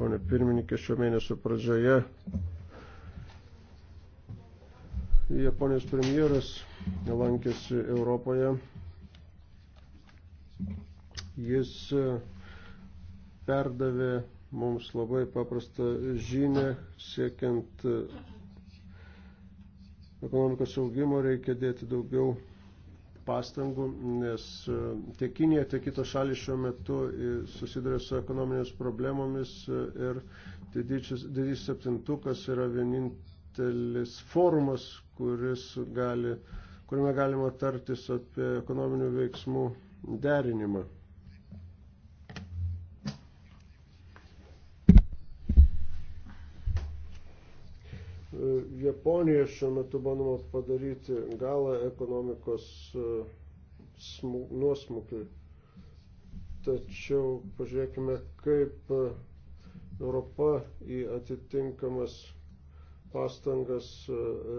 Pone pirmininkė, šio mėnesio pradžioje Japonijos premjeras lankėsi Europoje. Jis e, perdavė mums labai paprastą žinę, siekiant e, ekonomikos augimo reikia dėti daugiau pastangų, nes e, tiek Kinija, tiek kitos šalis šiuo metu susiduria su ekonominės problemomis ir didysis septintukas yra vienintelis vienintelis forumas, kuris gali, kuriame galima tartis apie ekonominių veiksmų derinimą. Japonija šiuo metu bandoma padaryti galą ekonomikos e, nuosmukiui. Tačiau pažiūrėkime, kaip e, Europa į atitinkamas pastangas e,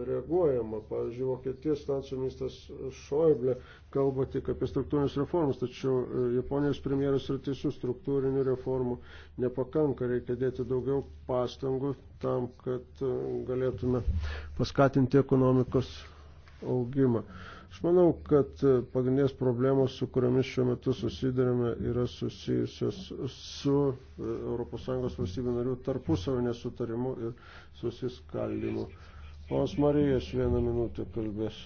reaguojama. Pavyzdžiui, Vokietijos finansų ministras Šoiblė kalba tik apie struktūrinės reformas, tačiau e, Japonijos premjeras yra teisus, struktūrinių reformų nepakanka, reikia dėti daugiau pastangų tam, kad e, galėtume paskatinti ekonomikos augimą. Aš manau, kad e, pagrindinės problemos, su kuriamis šiuo metu susidurime, yra susijusios su ES valstybių narių tarpusavio nesutarimu ir susiskalimu. Pons Marijas vieną minutę kalbės.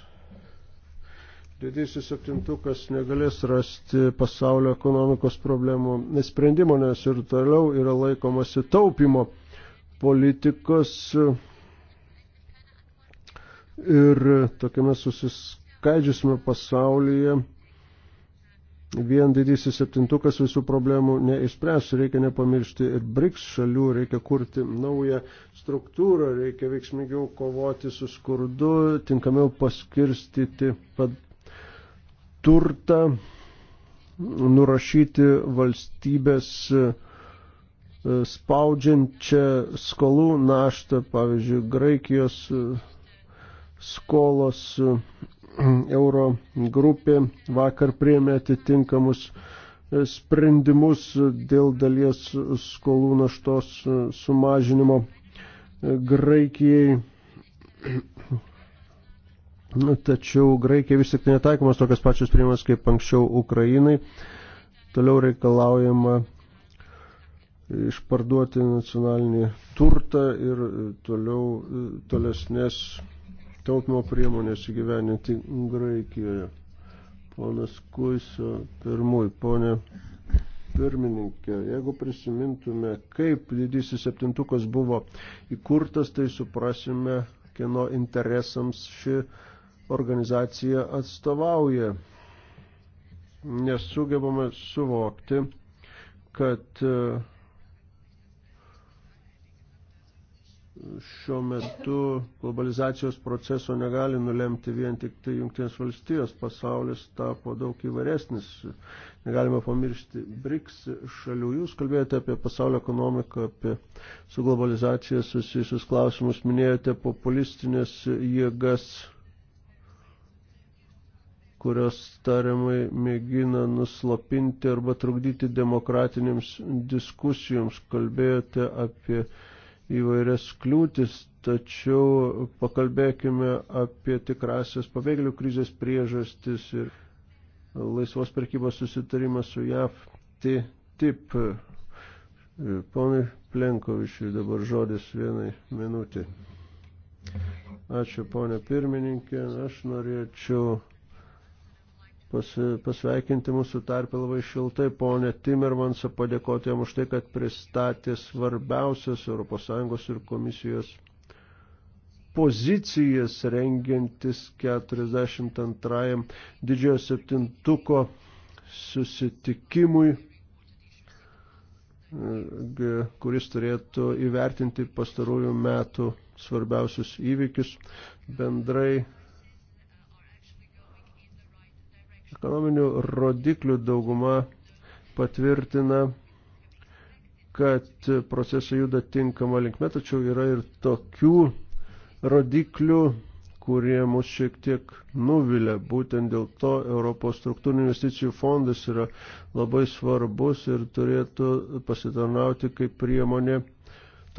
Didysis septintukas negalės rasti pasaulio ekonomikos problemų nesprendimo, nes ir toliau yra laikomasi taupimo politikos ir tokiame susiskalimu skaidžiusime pasaulyje vien didysis septintukas visų problemų neišspręs, reikia nepamiršti ir BRICS šalių, reikia kurti naują struktūrą, reikia veiksmingiau kovoti su skurdu, tinkamiau paskirstyti pad... turtą, nurašyti valstybės e, spaudžiančią skolų naštą, pavyzdžiui, Graikijos e, skolos euro grupė vakar priemė atitinkamus e, sprendimus dėl dalies skolų naštos e, sumažinimo e, Graikijai. Nu, tačiau Graikijai vis tik netaikomas tokias pačias priemonės kaip anksčiau Ukrainai. Toliau reikalaujama išparduoti nacionalinį turtą ir toliau tolesnės taupimo priemonės įgyveninti Graikijoje. Ponas Kuiso, pirmui, ponė pirmininkė, jeigu prisimintume, kaip didysis septintukas buvo įkurtas, tai suprasime, kieno interesams ši organizacija atstovauja. Nesugebame suvokti, kad uh, šiuo metu globalizacijos proceso negali nulemti vien tik tai jungtinės valstijos. Pasaulis tapo daug įvairesnis. Negalime pamiršti BRICS šalių. Jūs kalbėjote apie pasaulio ekonomiką, apie su globalizacija susijusius klausimus, minėjote populistinės jėgas, kurios tariamai mėgina nuslapinti arba trukdyti demokratinėms diskusijoms. Kalbėjote apie įvairias kliūtis, tačiau pakalbėkime apie tikrasias pabėgėlių krizės priežastis ir laisvos prekybos susitarimas su JAV. Tai taip, ponai Plenkovičiui dabar žodis vienai minutį. Ačiū, ponė pirmininkė, aš norėčiau pas, pasveikinti mūsų tarpę labai šiltai ponę Timmermansą, padėkoti jam už tai, kad pristatė svarbiausias ES ir komisijos pozicijas rengiantis 42 didžiojo septintuko susitikimui kuris turėtų įvertinti pastarųjų metų svarbiausius įvykius, bendrai Ekonominių rodiklių dauguma patvirtina, kad procesai juda tinkama linkme, tačiau yra ir tokių rodiklių, kurie mus šiek tiek nuvilia. Būtent dėl to Europos struktūrinių investicijų fondas yra labai svarbus ir turėtų pasitarnauti kaip priemonė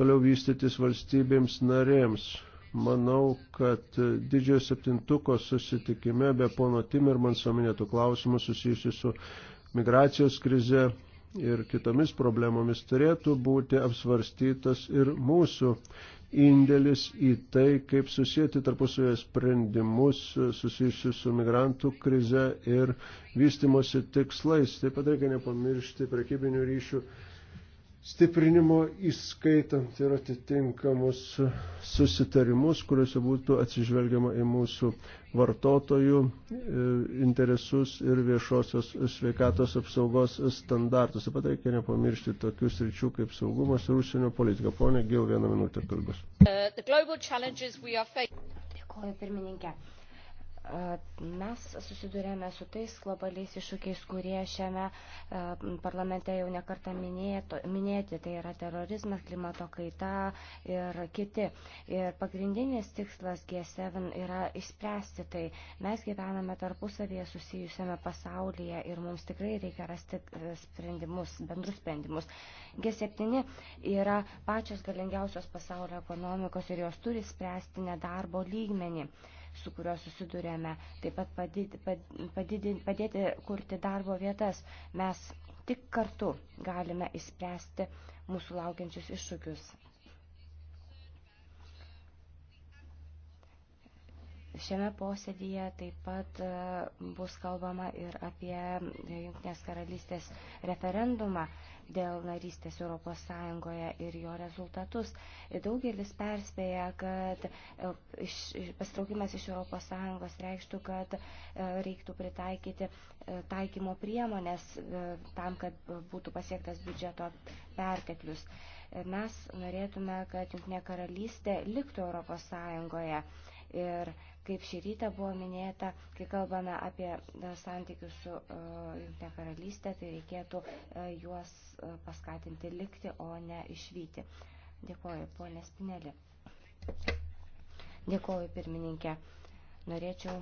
toliau vystytis valstybėms narėms. Manau, kad didžiojo septintuko susitikime be pono Timirmanso minėtų klausimų susijusių su migracijos krize ir kitomis problemomis turėtų būti apsvarstytas ir mūsų indėlis į tai, kaip susijęti tarpusavėje sprendimus susijusius su migrantų krize ir vystimosi tikslais. Taip pat reikia nepamiršti prekybinių ryšių stiprinimo įskaitant ir atitinkamus susitarimus, kuriuose būtų atsižvelgiama į mūsų vartotojų e, interesus ir viešosios sveikatos apsaugos standartus. Taip pat reikia nepamiršti tokių sričių kaip saugumas ir užsienio politika. Pone Gil, vieną minutę kalbės. Uh, Dėkuoju pirmininkė. Mes susidurėme su tais globaliais iššūkiais, kurie šiame parlamente jau nekartą minėto, minėti, tai yra terorizmas, klimato kaita ir kiti. Ir pagrindinis tikslas G7 yra išspręsti tai. Mes gyvename tarpusavėje susijusiame pasaulyje ir mums tikrai reikia rasti e, sprendimus, bendrus sprendimus. G7 yra pačios galingiausios pasaulio ekonomikos ir jos turi spręsti nedarbo lygmenį su kuriuo susidurėme, taip pat padid, padidin, padėti kurti darbo vietas. Mes tik kartu galime įspręsti mūsų laukiančius iššūkius. Šiame posėdėje taip pat e, bus kalbama ir apie Junktinės karalystės referendumą dėl narystės Europos Sąjungoje ir jo rezultatus. Daugelis perspėja, kad e, pastraukimas iš Europos Sąjungos reikštų, kad e, reiktų pritaikyti e, taikymo priemonės tam, kad būtų pasiektas biudžeto perteklius. Mes norėtume, kad Junknė karalystė liktų Europos Sąjungoje. Ir kaip šį rytą buvo minėta, kai kalbame apie e, santykius su e, Junktinė karalystė, tai reikėtų e, juos paskatinti likti, o ne išvykti. Dėkuoju, ponė Spinelė. Dėkuoju, pirmininkė. Norėčiau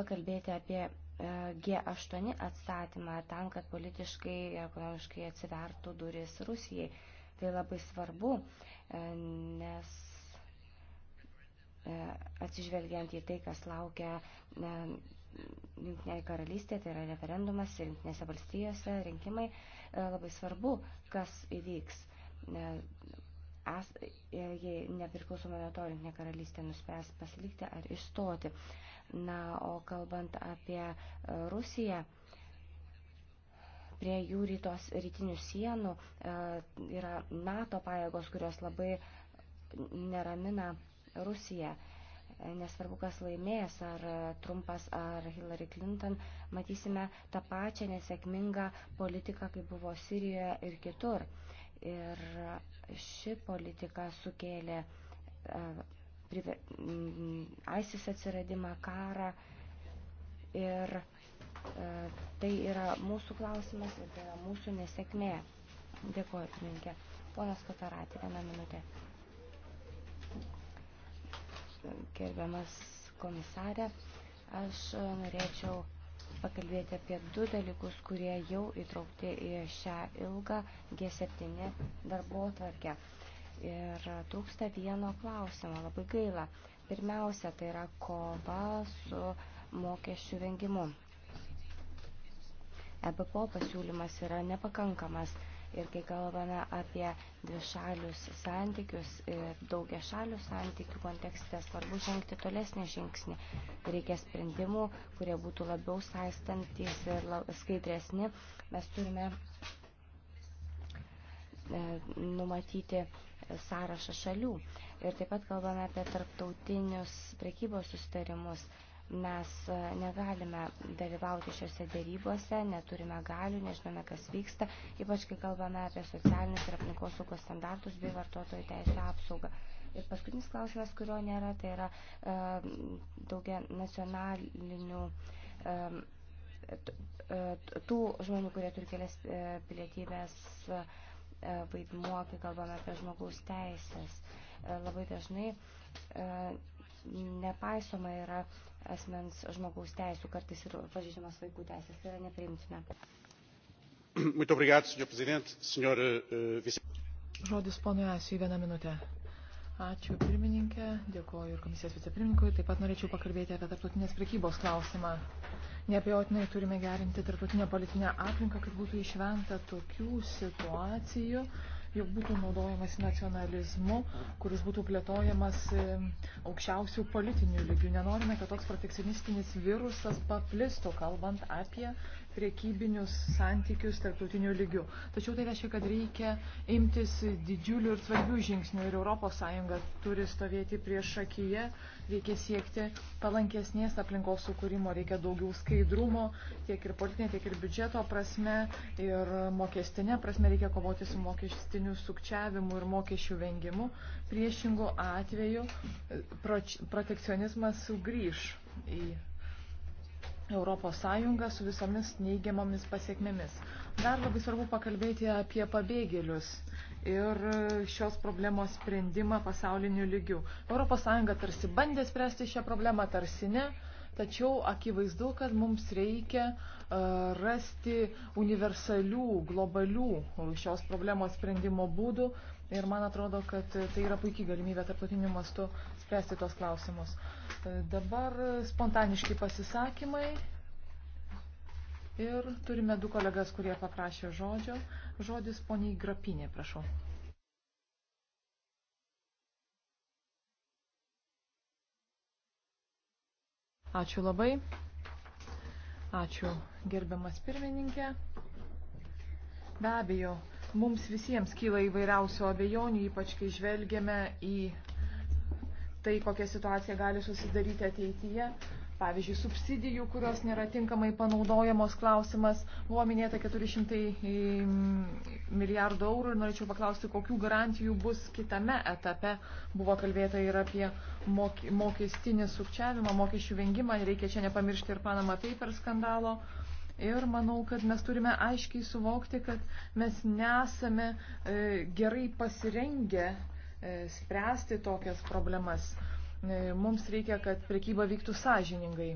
pakalbėti apie G8 atstatymą tam, kad politiškai ir ekonomiškai atsivertų duris Rusijai. Tai labai svarbu, nes E, atsižvelgiant į tai, kas laukia e, Junktinėje karalystėje, tai yra referendumas ir Junktinėse valstijose rinkimai, e, labai svarbu, kas įvyks. As, jei nepriklausomai nuo to, Junktinė karalystė nuspręs pasilikti ar išstoti. Na, o kalbant apie Rusiją, prie jų rytos rytinių sienų yra NATO pajėgos, kurios labai neramina Rusija. Nesvarbu, kas laimės, ar Trumpas, ar Hillary Clinton, matysime tą pačią nesėkmingą politiką, kaip buvo Sirijoje ir kitur. Ir ši politika sukėlė e, mm, ISIS atsiradimą, karą. Ir e, tai yra mūsų klausimas ir tai yra mūsų nesėkmė. Dėkuoju, pirmininkė. Ponas Kotaratė, vieną minutę gerbiamas komisarė. Aš e, norėčiau pakalbėti apie du dalykus, kurie jau įtraukti į šią ilgą G7 darbo tvarkę. Ir trūksta vieno klausimo, labai gaila. Pirmiausia, tai yra kova su mokesčių vengimu. EBPO pasiūlymas yra nepakankamas Ir kai kalbame apie dvišalius santykius ir daugia šalių santykių kontekste, svarbu žengti tolesnį žingsnį. Reikia sprendimų, kurie būtų labiau saistantis ir skaidresni. Mes turime e, numatyti sąrašą šalių. Ir taip pat kalbame apie tarptautinius prekybos sustarimus. Mes e, negalime dalyvauti šiuose dėrybose, neturime galių, nežinome, kas vyksta, ypač kai kalbame apie socialinius ir aplinkosaugos standartus bei vartotojų teisę apsaugą. Ir paskutinis klausimas, kurio nėra, tai yra e, daugia nacionalinių e, e tų žmonių, kurie turi kelias e, pilietybės vaidmuo, kai kalbame apie žmogaus teisės. Labai dažnai nepaisoma yra asmens žmogaus teisų, kartais ir pažydžiamas vaikų teisės, tai yra nepriimtina. Muito obrigado, senhor presidente, senhor uh, vice. Žodis ponui Asiui vieną minutę. Ačiū pirmininkė, dėkoju ir komisijos vicepirmininkui. Taip pat norėčiau pakalbėti apie tarptautinės prekybos klausimą. Neabejotinai turime gerinti tarptautinę politinę aplinką, kad būtų išvengta tokių situacijų, uh, jog būtų naudojamas nacionalizmu, kuris būtų plėtojamas e, aukščiausių politinių lygių. Nenorime, kad toks protekcionistinis virusas paplistų, kalbant apie priekybinius santykius tarptautiniu lygiu. Tačiau tai reiškia, kad reikia imtis didžiulių ir svarbių žingsnių ir ES turi stovėti prieš akiją, reikia siekti palankesnės aplinkos sukūrimo, reikia daugiau skaidrumo tiek ir politinė, tiek ir biudžeto prasme ir mokestinė prasme reikia kovoti su mokestiniu sukčiavimu ir mokesčių vengimu. Priešingų atveju protekcionizmas sugrįž į Europos Sąjungą su visomis neigiamomis pasiekmėmis. Dar labai svarbu pakalbėti apie pabėgėlius ir šios problemos sprendimą pasauliniu lygiu. Europos Sąjunga tarsi bandė spręsti šią problemą, tarsi ne. Tačiau akivaizdu, kad mums reikia e, rasti universalių, globalių šios problemos sprendimo būdų. Ir man atrodo, kad tai yra puikiai galimybė tarptautiniu mastu spręsti tos klausimus. E, dabar spontaniški pasisakymai. Ir turime du kolegas, kurie paprašė žodžio. Žodis poniai Grapinė, prašau. Ačiū labai. Ačiū, gerbiamas pirmininkė. Be abejo, mums visiems kyla įvairiausio abejonių, ypač kai žvelgiame į tai, kokia situacija gali susidaryti ateityje. Pavyzdžiui, subsidijų, kurios nėra tinkamai panaudojamos klausimas, buvo minėta 400 mm, milijardų eurų ir norėčiau paklausti, kokių garantijų bus kitame etape. Buvo kalbėta ir apie mokestinį sukčiavimą, mokesčių vengimą, reikia čia nepamiršti ir Panama Paper skandalo. Ir manau, kad mes turime aiškiai suvokti, kad mes nesame e, gerai pasirengę E, spręsti tokias problemas. E, mums reikia, kad prekyba vyktų sąžiningai.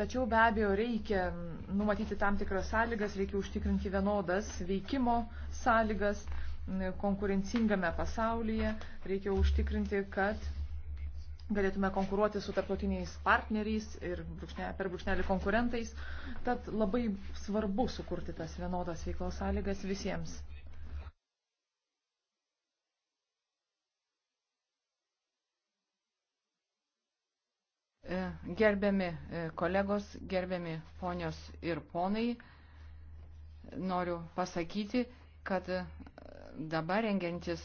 Tačiau be abejo reikia numatyti tam tikras sąlygas, reikia užtikrinti vienodas veikimo sąlygas konkurencingame pasaulyje, reikia užtikrinti, kad galėtume konkuruoti su tarptautiniais partneriais ir brūkšnė, per brūkšnelį konkurentais. Tad labai svarbu sukurti tas vienodas veiklos sąlygas visiems. E, gerbiami e, kolegos, gerbiami ponios ir ponai, noriu pasakyti, kad e, dabar rengiantis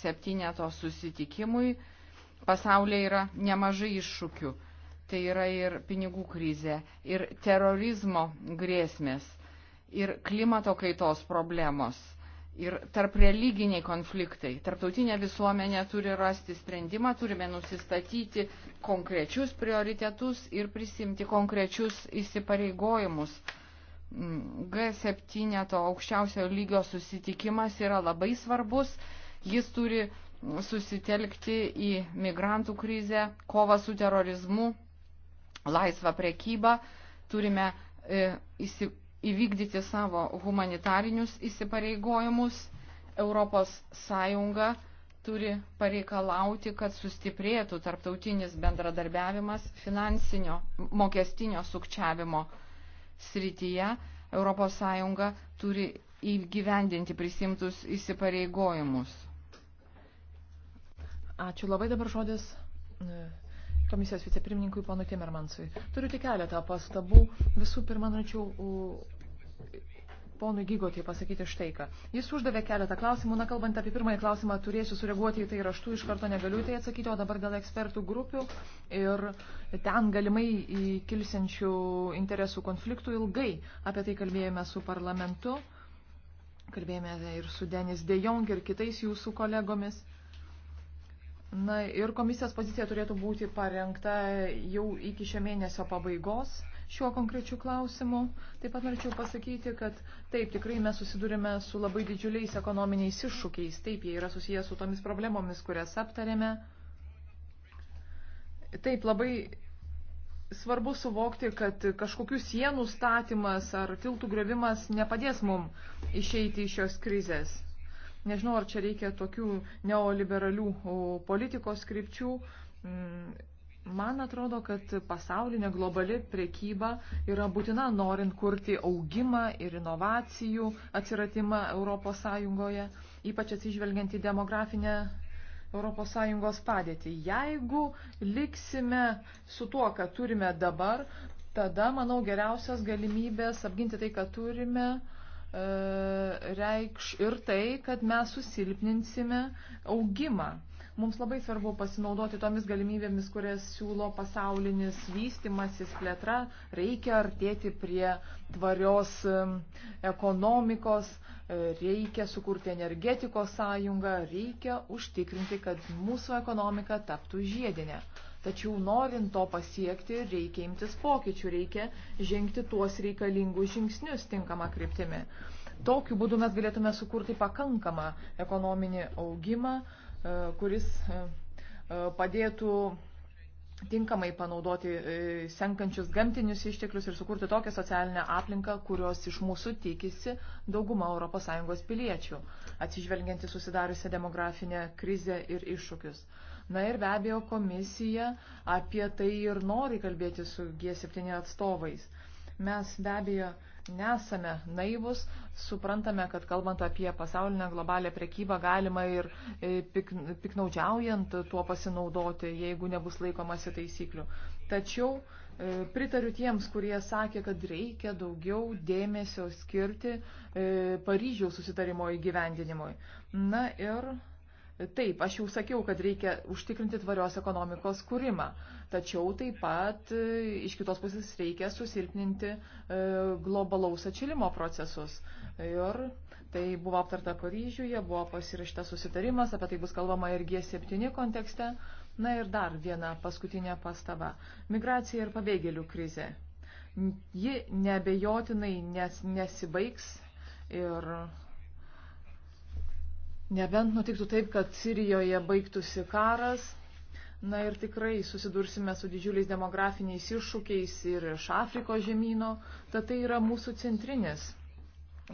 septyneto susitikimui pasaulyje yra nemažai iššūkių. Tai yra ir pinigų krizė, ir terorizmo grėsmės, ir klimato kaitos problemos – ir tarp religiniai konfliktai. Tarptautinė visuomenė turi rasti sprendimą, turime nusistatyti konkrečius prioritetus ir prisimti konkrečius įsipareigojimus. Mm, G7 to aukščiausio lygio susitikimas yra labai svarbus. Jis turi susitelkti į migrantų krizę, kovą su terorizmu, laisvą prekybą. Turime e, įsipareigoti įvykdyti savo humanitarinius įsipareigojimus. Europos Sąjunga turi pareikalauti, kad sustiprėtų tarptautinis bendradarbiavimas finansinio mokestinio sukčiavimo srityje. Europos Sąjunga turi įgyvendinti prisimtus įsipareigojimus. Ačiū labai dabar žodis e, komisijos vicepirmininkui ponu Timermansui. Turiu tik keletą pastabų. Visų pirma, norėčiau ponui Gygotį pasakyti štai ką. Jis uždavė keletą klausimų, na kalbant apie pirmąjį klausimą, turėsiu sureaguoti į tai raštu, iš karto negaliu tai atsakyti, o dabar dėl ekspertų grupių ir ten galimai įkilsiančių interesų konfliktų ilgai apie tai kalbėjome su parlamentu, kalbėjome ir su Denis Dejong ir kitais jūsų kolegomis. Na ir komisijos pozicija turėtų būti parengta jau iki šio mėnesio pabaigos šiuo konkrečiu klausimu. Taip pat norėčiau pasakyti, kad taip, tikrai mes susidurime su labai didžiuliais ekonominiais iššūkiais. Taip, jie yra susijęs su tomis problemomis, kurias aptarėme. Taip, labai svarbu suvokti, kad kažkokių sienų statymas ar tiltų grevimas nepadės mum išeiti iš šios krizės. Nežinau, ar čia reikia tokių neoliberalių politikos krypčių. Mm, man atrodo, kad pasaulinė globali priekyba yra būtina norint kurti augimą ir inovacijų atsiradimą ES, ypač atsižvelgiant į demografinę ES padėtį. Jeigu liksime su tuo, ką turime dabar, tada, manau, geriausias galimybės apginti tai, ką turime, E, reikš ir tai, kad mes susilpninsime augimą. Mums labai svarbu pasinaudoti tomis galimybėmis, kurias siūlo pasaulinis vystimasis plėtra. Reikia artėti prie tvarios e, ekonomikos, e, reikia sukurti energetikos sąjungą, reikia užtikrinti, kad mūsų ekonomika taptų žiedinė. Tačiau norint to pasiekti, reikia imtis pokyčių, reikia žengti tuos reikalingus žingsnius tinkamą kryptimį. Tokiu būdu mes galėtume sukurti pakankamą ekonominį augimą, e, kuris e, e, padėtų tinkamai panaudoti senkančius gamtinius išteklius ir sukurti tokią socialinę aplinką, kurios iš mūsų tikisi dauguma ES piliečių, atsižvelgianti susidariusią demografinę krizę ir iššūkius. Na ir be abejo komisija apie tai ir nori kalbėti su G7 atstovais. Mes be abejo nesame naivus, suprantame, kad kalbant apie pasaulinę globalę prekybą galima ir e, pik, piknaudžiaujant tuo pasinaudoti, jeigu nebus laikomasi taisyklių. Tačiau e, pritariu tiems, kurie sakė, kad reikia daugiau dėmesio skirti e, Paryžiaus susitarimo įgyvendinimui. Na ir Taip, aš jau sakiau, kad reikia užtikrinti tvarios ekonomikos kūrimą, tačiau taip pat e, iš kitos pusės reikia susilpninti e, globalaus atšilimo procesus. Ir tai buvo aptarta Paryžiuje, buvo pasirašytas susitarimas, apie tai bus kalbama ir G7 kontekste. Na ir dar viena paskutinė pastaba. Migracija ir pabėgėlių krizė. Ji nebejotinai nes, nesibaigs ir Nebent nutiktų taip, kad Sirijoje baigtųsi karas. Na ir tikrai susidursime su didžiuliais demografiniais iššūkiais ir iš Afrikos žemynų. Tad tai yra mūsų centrinis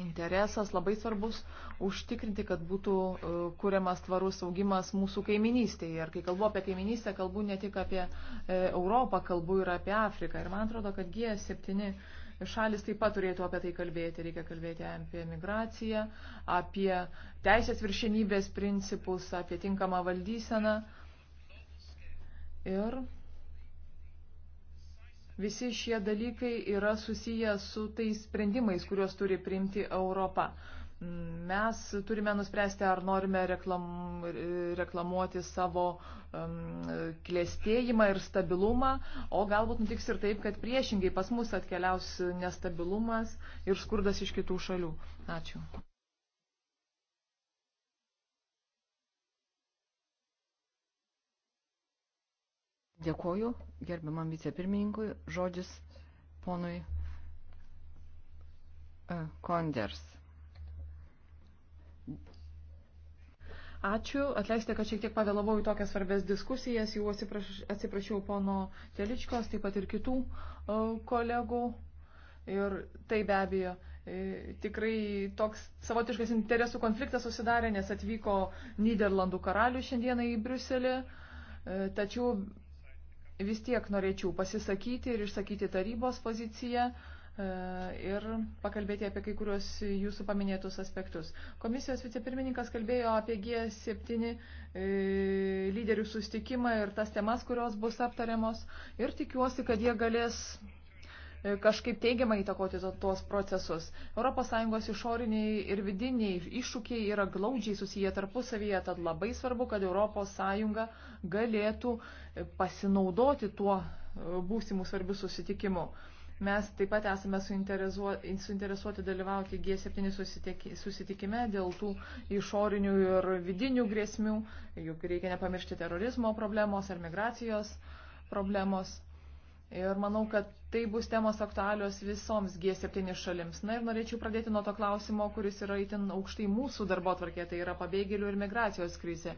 interesas, labai svarbus užtikrinti, kad būtų e, kuriamas tvarus augimas mūsų kaiminystėje. Ir kai kalbu apie kaiminystę, kalbu ne tik apie e, Europą, kalbu ir apie Afriką. Ir man atrodo, kad G7 šalis taip pat turėtų apie tai kalbėti. Reikia kalbėti apie migraciją, apie teisės viršenybės principus, apie tinkamą valdyseną. Ir visi šie dalykai yra susiję su tais sprendimais, kuriuos turi priimti Europa. Mes turime nuspręsti, ar norime reklam, reklamuoti savo um, klėstėjimą ir stabilumą, o galbūt nutiks ir taip, kad priešingai pas mus atkeliaus nestabilumas ir skurdas iš kitų šalių. Ačiū. Dėkoju gerbiamam vicepirmininkui. Žodis ponui Konders. E, Ačiū, atleiskite, kad šiek tiek pavėlavau į tokias svarbės diskusijas, jau atsipraš, atsiprašiau pono Teličkos, taip pat ir kitų e, kolegų. Ir tai be abejo, e, tikrai toks savotiškas interesų konfliktas susidarė, nes atvyko Niderlandų karalių šiandieną į Briuselį. E, tačiau vis tiek norėčiau pasisakyti ir išsakyti tarybos poziciją. E, ir pakalbėti apie kai kuriuos jūsų paminėtus aspektus. Komisijos vicepirmininkas kalbėjo apie G7 e, lyderių sustikimą ir tas temas, kurios bus aptariamos ir tikiuosi, kad jie galės e, kažkaip teigiamai įtakoti tuos procesus. ES išoriniai ir vidiniai iššūkiai yra glaudžiai susiję tarpusavyje, tad labai svarbu, kad ES galėtų pasinaudoti tuo būsimų svarbių susitikimų. Mes taip pat esame suinteresuoti dalyvauti G7 susitikime dėl tų išorinių ir vidinių grėsmių, juk reikia nepamiršti terorizmo problemos ar migracijos problemos. Ir manau, kad tai bus temos aktualios visoms G7 šalims. Na ir norėčiau pradėti nuo to klausimo, kuris yra itin aukštai mūsų darbo tvarkė, tai yra pabėgėlių ir migracijos krizė.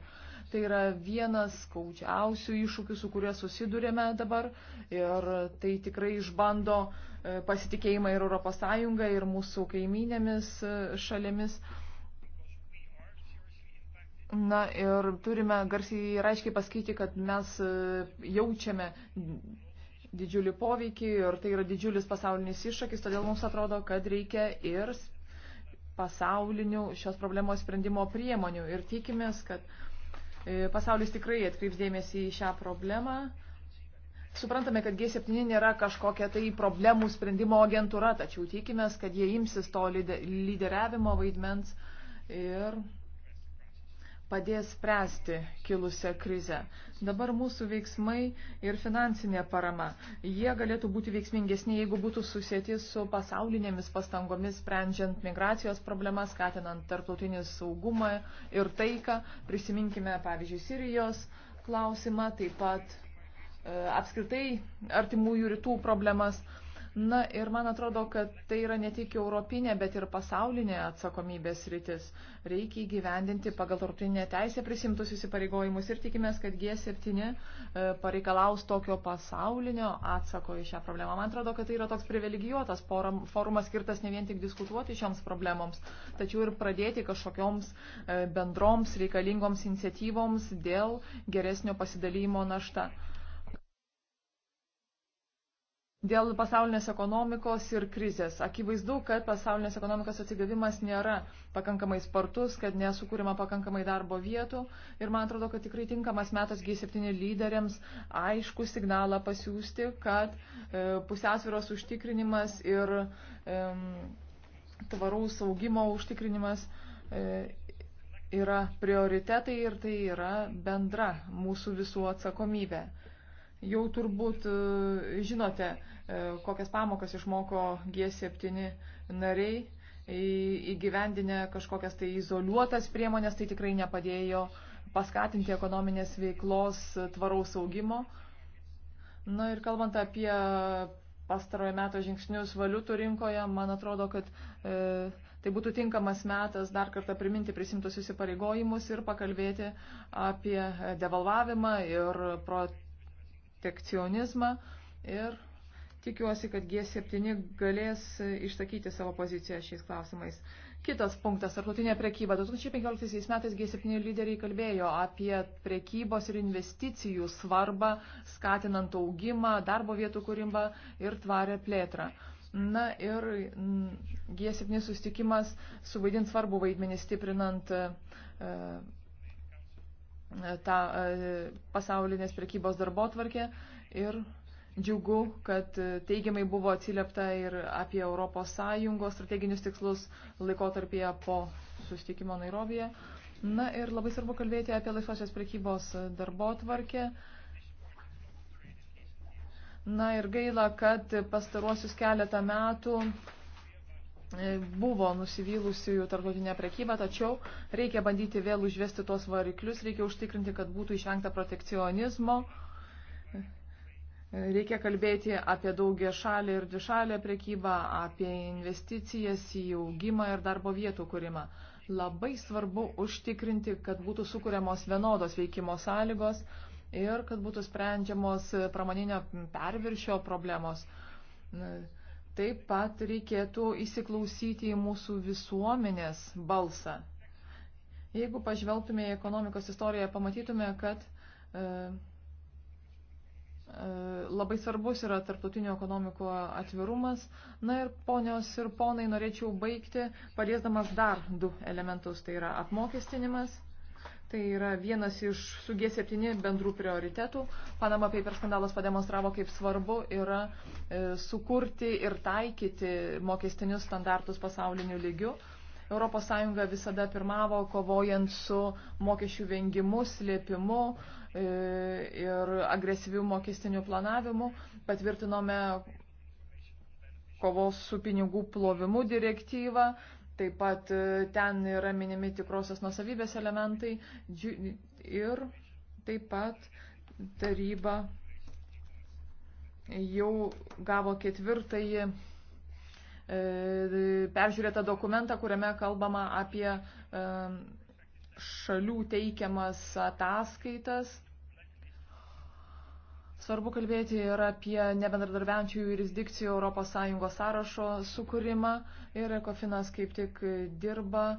Tai yra vienas skaučiausių iššūkių, su kuria susidurėme dabar ir tai tikrai išbando e, pasitikėjimą ir ES, ir mūsų kaiminėmis e, šalėmis. Na ir turime garsiai ir aiškiai pasakyti, kad mes e, jaučiame didžiulį poveikį ir tai yra didžiulis pasaulinis iššūkis, todėl mums atrodo, kad reikia ir pasaulinių šios problemos sprendimo priemonių ir tikimės, kad e, pasaulis tikrai atkreips dėmesį į šią problemą. Suprantame, kad G7 nėra kažkokia tai problemų sprendimo agentūra, tačiau tikimės, kad jie imsis to lyderiavimo vaidmens ir padės spręsti kilusią krizę. Dabar mūsų veiksmai ir finansinė parama. Jie galėtų būti veiksmingesni, jeigu būtų susėti su pasaulinėmis pastangomis, sprendžiant migracijos problemas, skatinant tarptautinį saugumą ir taiką. Prisiminkime, pavyzdžiui, Sirijos klausimą, taip pat e, apskritai artimųjų rytų problemas. E, Na ir man atrodo, kad tai yra ne tik europinė, bet ir pasaulinė atsakomybės rytis. Reikia įgyvendinti pagal tarptautinę teisę prisimtus įsipareigojimus ir tikimės, kad G7 e, pareikalaus tokio pasaulinio atsako į šią problemą. Man atrodo, kad tai yra toks privilegijuotas forumas skirtas ne vien tik diskutuoti šioms problemoms, tačiau ir pradėti kažkokioms e, bendroms reikalingoms iniciatyvoms dėl geresnio pasidalymo našta. Dėl pasaulinės ekonomikos ir krizės. Akivaizdu, kad pasaulinės ekonomikos atsigavimas nėra pakankamai spartus, kad nesukūrima pakankamai darbo vietų. Ir man atrodo, kad tikrai tinkamas metas G7 lyderiams aišku signalą pasiūsti, kad e, pusiausvėros užtikrinimas ir e, tvaraus augimo užtikrinimas e, yra prioritetai ir tai yra bendra mūsų visų atsakomybė. Jau turbūt e, žinote, e, kokias pamokas išmoko G7 nariai įgyvendinę kažkokias tai izoliuotas priemonės, tai tikrai nepadėjo paskatinti ekonominės veiklos tvaraus augimo. Na ir kalbant apie pastarojo meto žingsnius valiutų rinkoje, man atrodo, kad e, tai būtų tinkamas metas dar kartą priminti prisimtus įsipareigojimus ir pakalbėti apie devalvavimą ir pro protekcionizmą ir tikiuosi, kad G7 galės išsakyti savo poziciją šiais klausimais. Kitas punktas - tarptautinė prekyba. 2015 metais G7 lyderiai kalbėjo apie prekybos ir investicijų svarbą, skatinant augimą, darbo vietų kūrimą ir tvarę plėtrą. Na ir G7 sustikimas suvaidins svarbu vaidmenį stiprinant e, tą e, pasaulinės prekybos darbo tvarkę ir džiugu, kad e, teigiamai buvo atsiliepta ir apie ES strateginius tikslus laikotarpyje po sustikimo Nairobije. Na ir labai svarbu kalbėti apie laisvosios prekybos darbo tvarkę. Na ir gaila, kad pastaruosius keletą metų E, buvo nusivylusiųjų tarptautinė prekyba, tačiau reikia bandyti vėl užvesti tuos variklius, reikia užtikrinti, kad būtų išvengta protekcionizmo, e, reikia kalbėti apie daugia šalį ir dvišalę prekybą, apie investicijas į augimą ir darbo vietų kūrimą. Labai svarbu užtikrinti, kad būtų sukūriamos vienodos veikimo sąlygos ir kad būtų sprendžiamos pramoninio perviršio problemos. Na, e, Taip pat reikėtų įsiklausyti į mūsų visuomenės balsą. Jeigu pažvelgtume į ekonomikos istoriją, pamatytume, kad e, e, labai svarbus yra tarptautinio ekonomiko atvirumas. Na ir ponios ir ponai, norėčiau baigti paliesdamas dar du elementus, tai yra apmokestinimas Tai yra vienas iš su G7 bendrų prioritetų. Panama Papers skandalas pademonstravo, kaip svarbu yra e, sukurti ir taikyti mokestinius standartus pasauliniu lygiu. ES visada pirmavo kovojant su mokesčių vengimu, slėpimu e, ir agresyviu mokestiniu planavimu. Patvirtinome kovos su pinigų plovimu direktyvą, Taip pat e, ten yra minimi tikrosios nusavybės elementai ir taip pat taryba jau gavo ketvirtąjį e, peržiūrėtą dokumentą, kuriame kalbama apie e, šalių teikiamas ataskaitas Svarbu kalbėti ir apie nebendradarbiaujančių jurisdikcijų ES sąrašo sukūrimą ir Ekofinas kaip tik dirba e,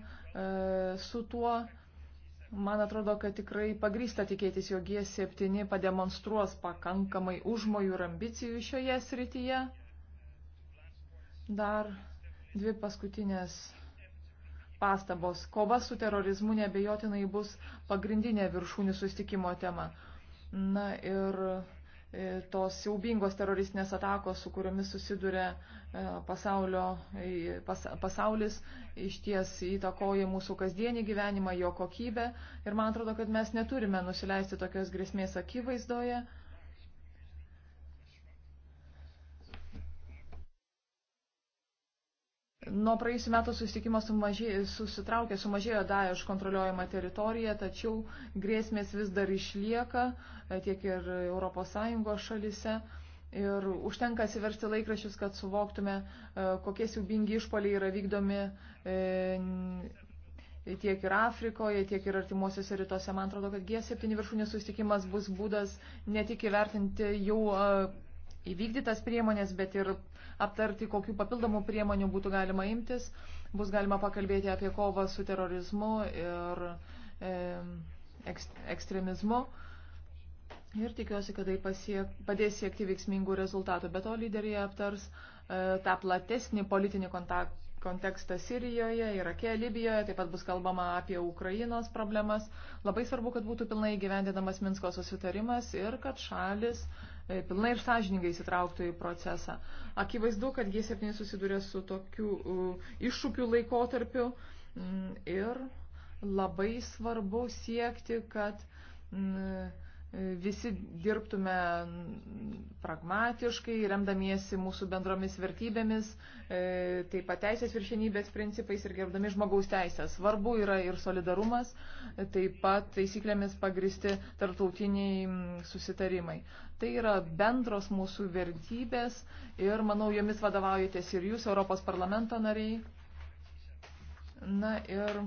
su tuo. Man atrodo, kad tikrai pagrysta tikėtis, jog G7 pademonstruos pakankamai užmojų ir ambicijų šioje srityje. Dar dvi paskutinės pastabos. Kova su terorizmu nebejotinai bus pagrindinė viršūnių sustikimo tema. Na ir E, tos siaubingos teroristinės atakos, su kuriomis susiduria e, pasaulio, e, pas, pasaulis, iš ties įtakoja mūsų kasdienį gyvenimą, jo kokybę. Ir man atrodo, kad mes neturime nusileisti tokios grėsmės akivaizdoje. Nuo praėjusiu metu susitikimo sumažė, susitraukė, sumažėjo Daesh kontroliuojama teritorija, tačiau grėsmės vis dar išlieka e, tiek ir ES šalise. Ir užtenka atsiversti laikrašius, kad suvoktume, e, kokie siubingi išpoliai yra vykdomi e, tiek ir Afrikoje, tiek ir artimuosiuose rytuose. Man atrodo, kad G7 viršūnės susitikimas bus būdas ne tik įvertinti jau įvykdytas priemonės, bet ir aptarti, kokiu papildomų priemonių būtų galima imtis. Bus galima pakalbėti apie kovą su terorizmu ir e, ekstremizmu. Ir tikiuosi, kad tai pasiek, padės siekti veiksmingų rezultatų. Be to lyderiai aptars e, tą platesnį politinį kontaktą kontekstą Sirijoje, Irake, Libijoje, taip pat bus kalbama apie Ukrainos problemas. Labai svarbu, kad būtų pilnai gyvendinamas Minsko susitarimas ir kad šalis E, pilnai ir sąžiningai įsitrauktų į procesą. Akivaizdu, kad G7 susiduria su tokiu iššūkiu laikotarpiu mm, ir labai svarbu siekti, kad mm, visi dirbtume pragmatiškai, remdamiesi mūsų bendromis vertybėmis, e, taip pat teisės viršenybės principais ir gerbdami žmogaus teisės. Svarbu yra ir solidarumas, taip pat taisyklėmis pagristi tartautiniai susitarimai. Tai yra bendros mūsų vertybės ir, manau, jomis vadovaujatės ir jūs, Europos parlamento nariai. Na ir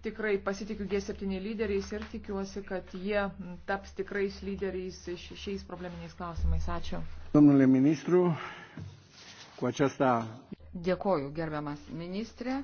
tikrai pasitikiu G7 lyderiais ir tikiuosi, kad jie taps tikrais lyderiais šiais probleminiais klausimais. Ačiū. Domnule ministru, kuo čia sta? Dėkoju, gerbiamas ministrė.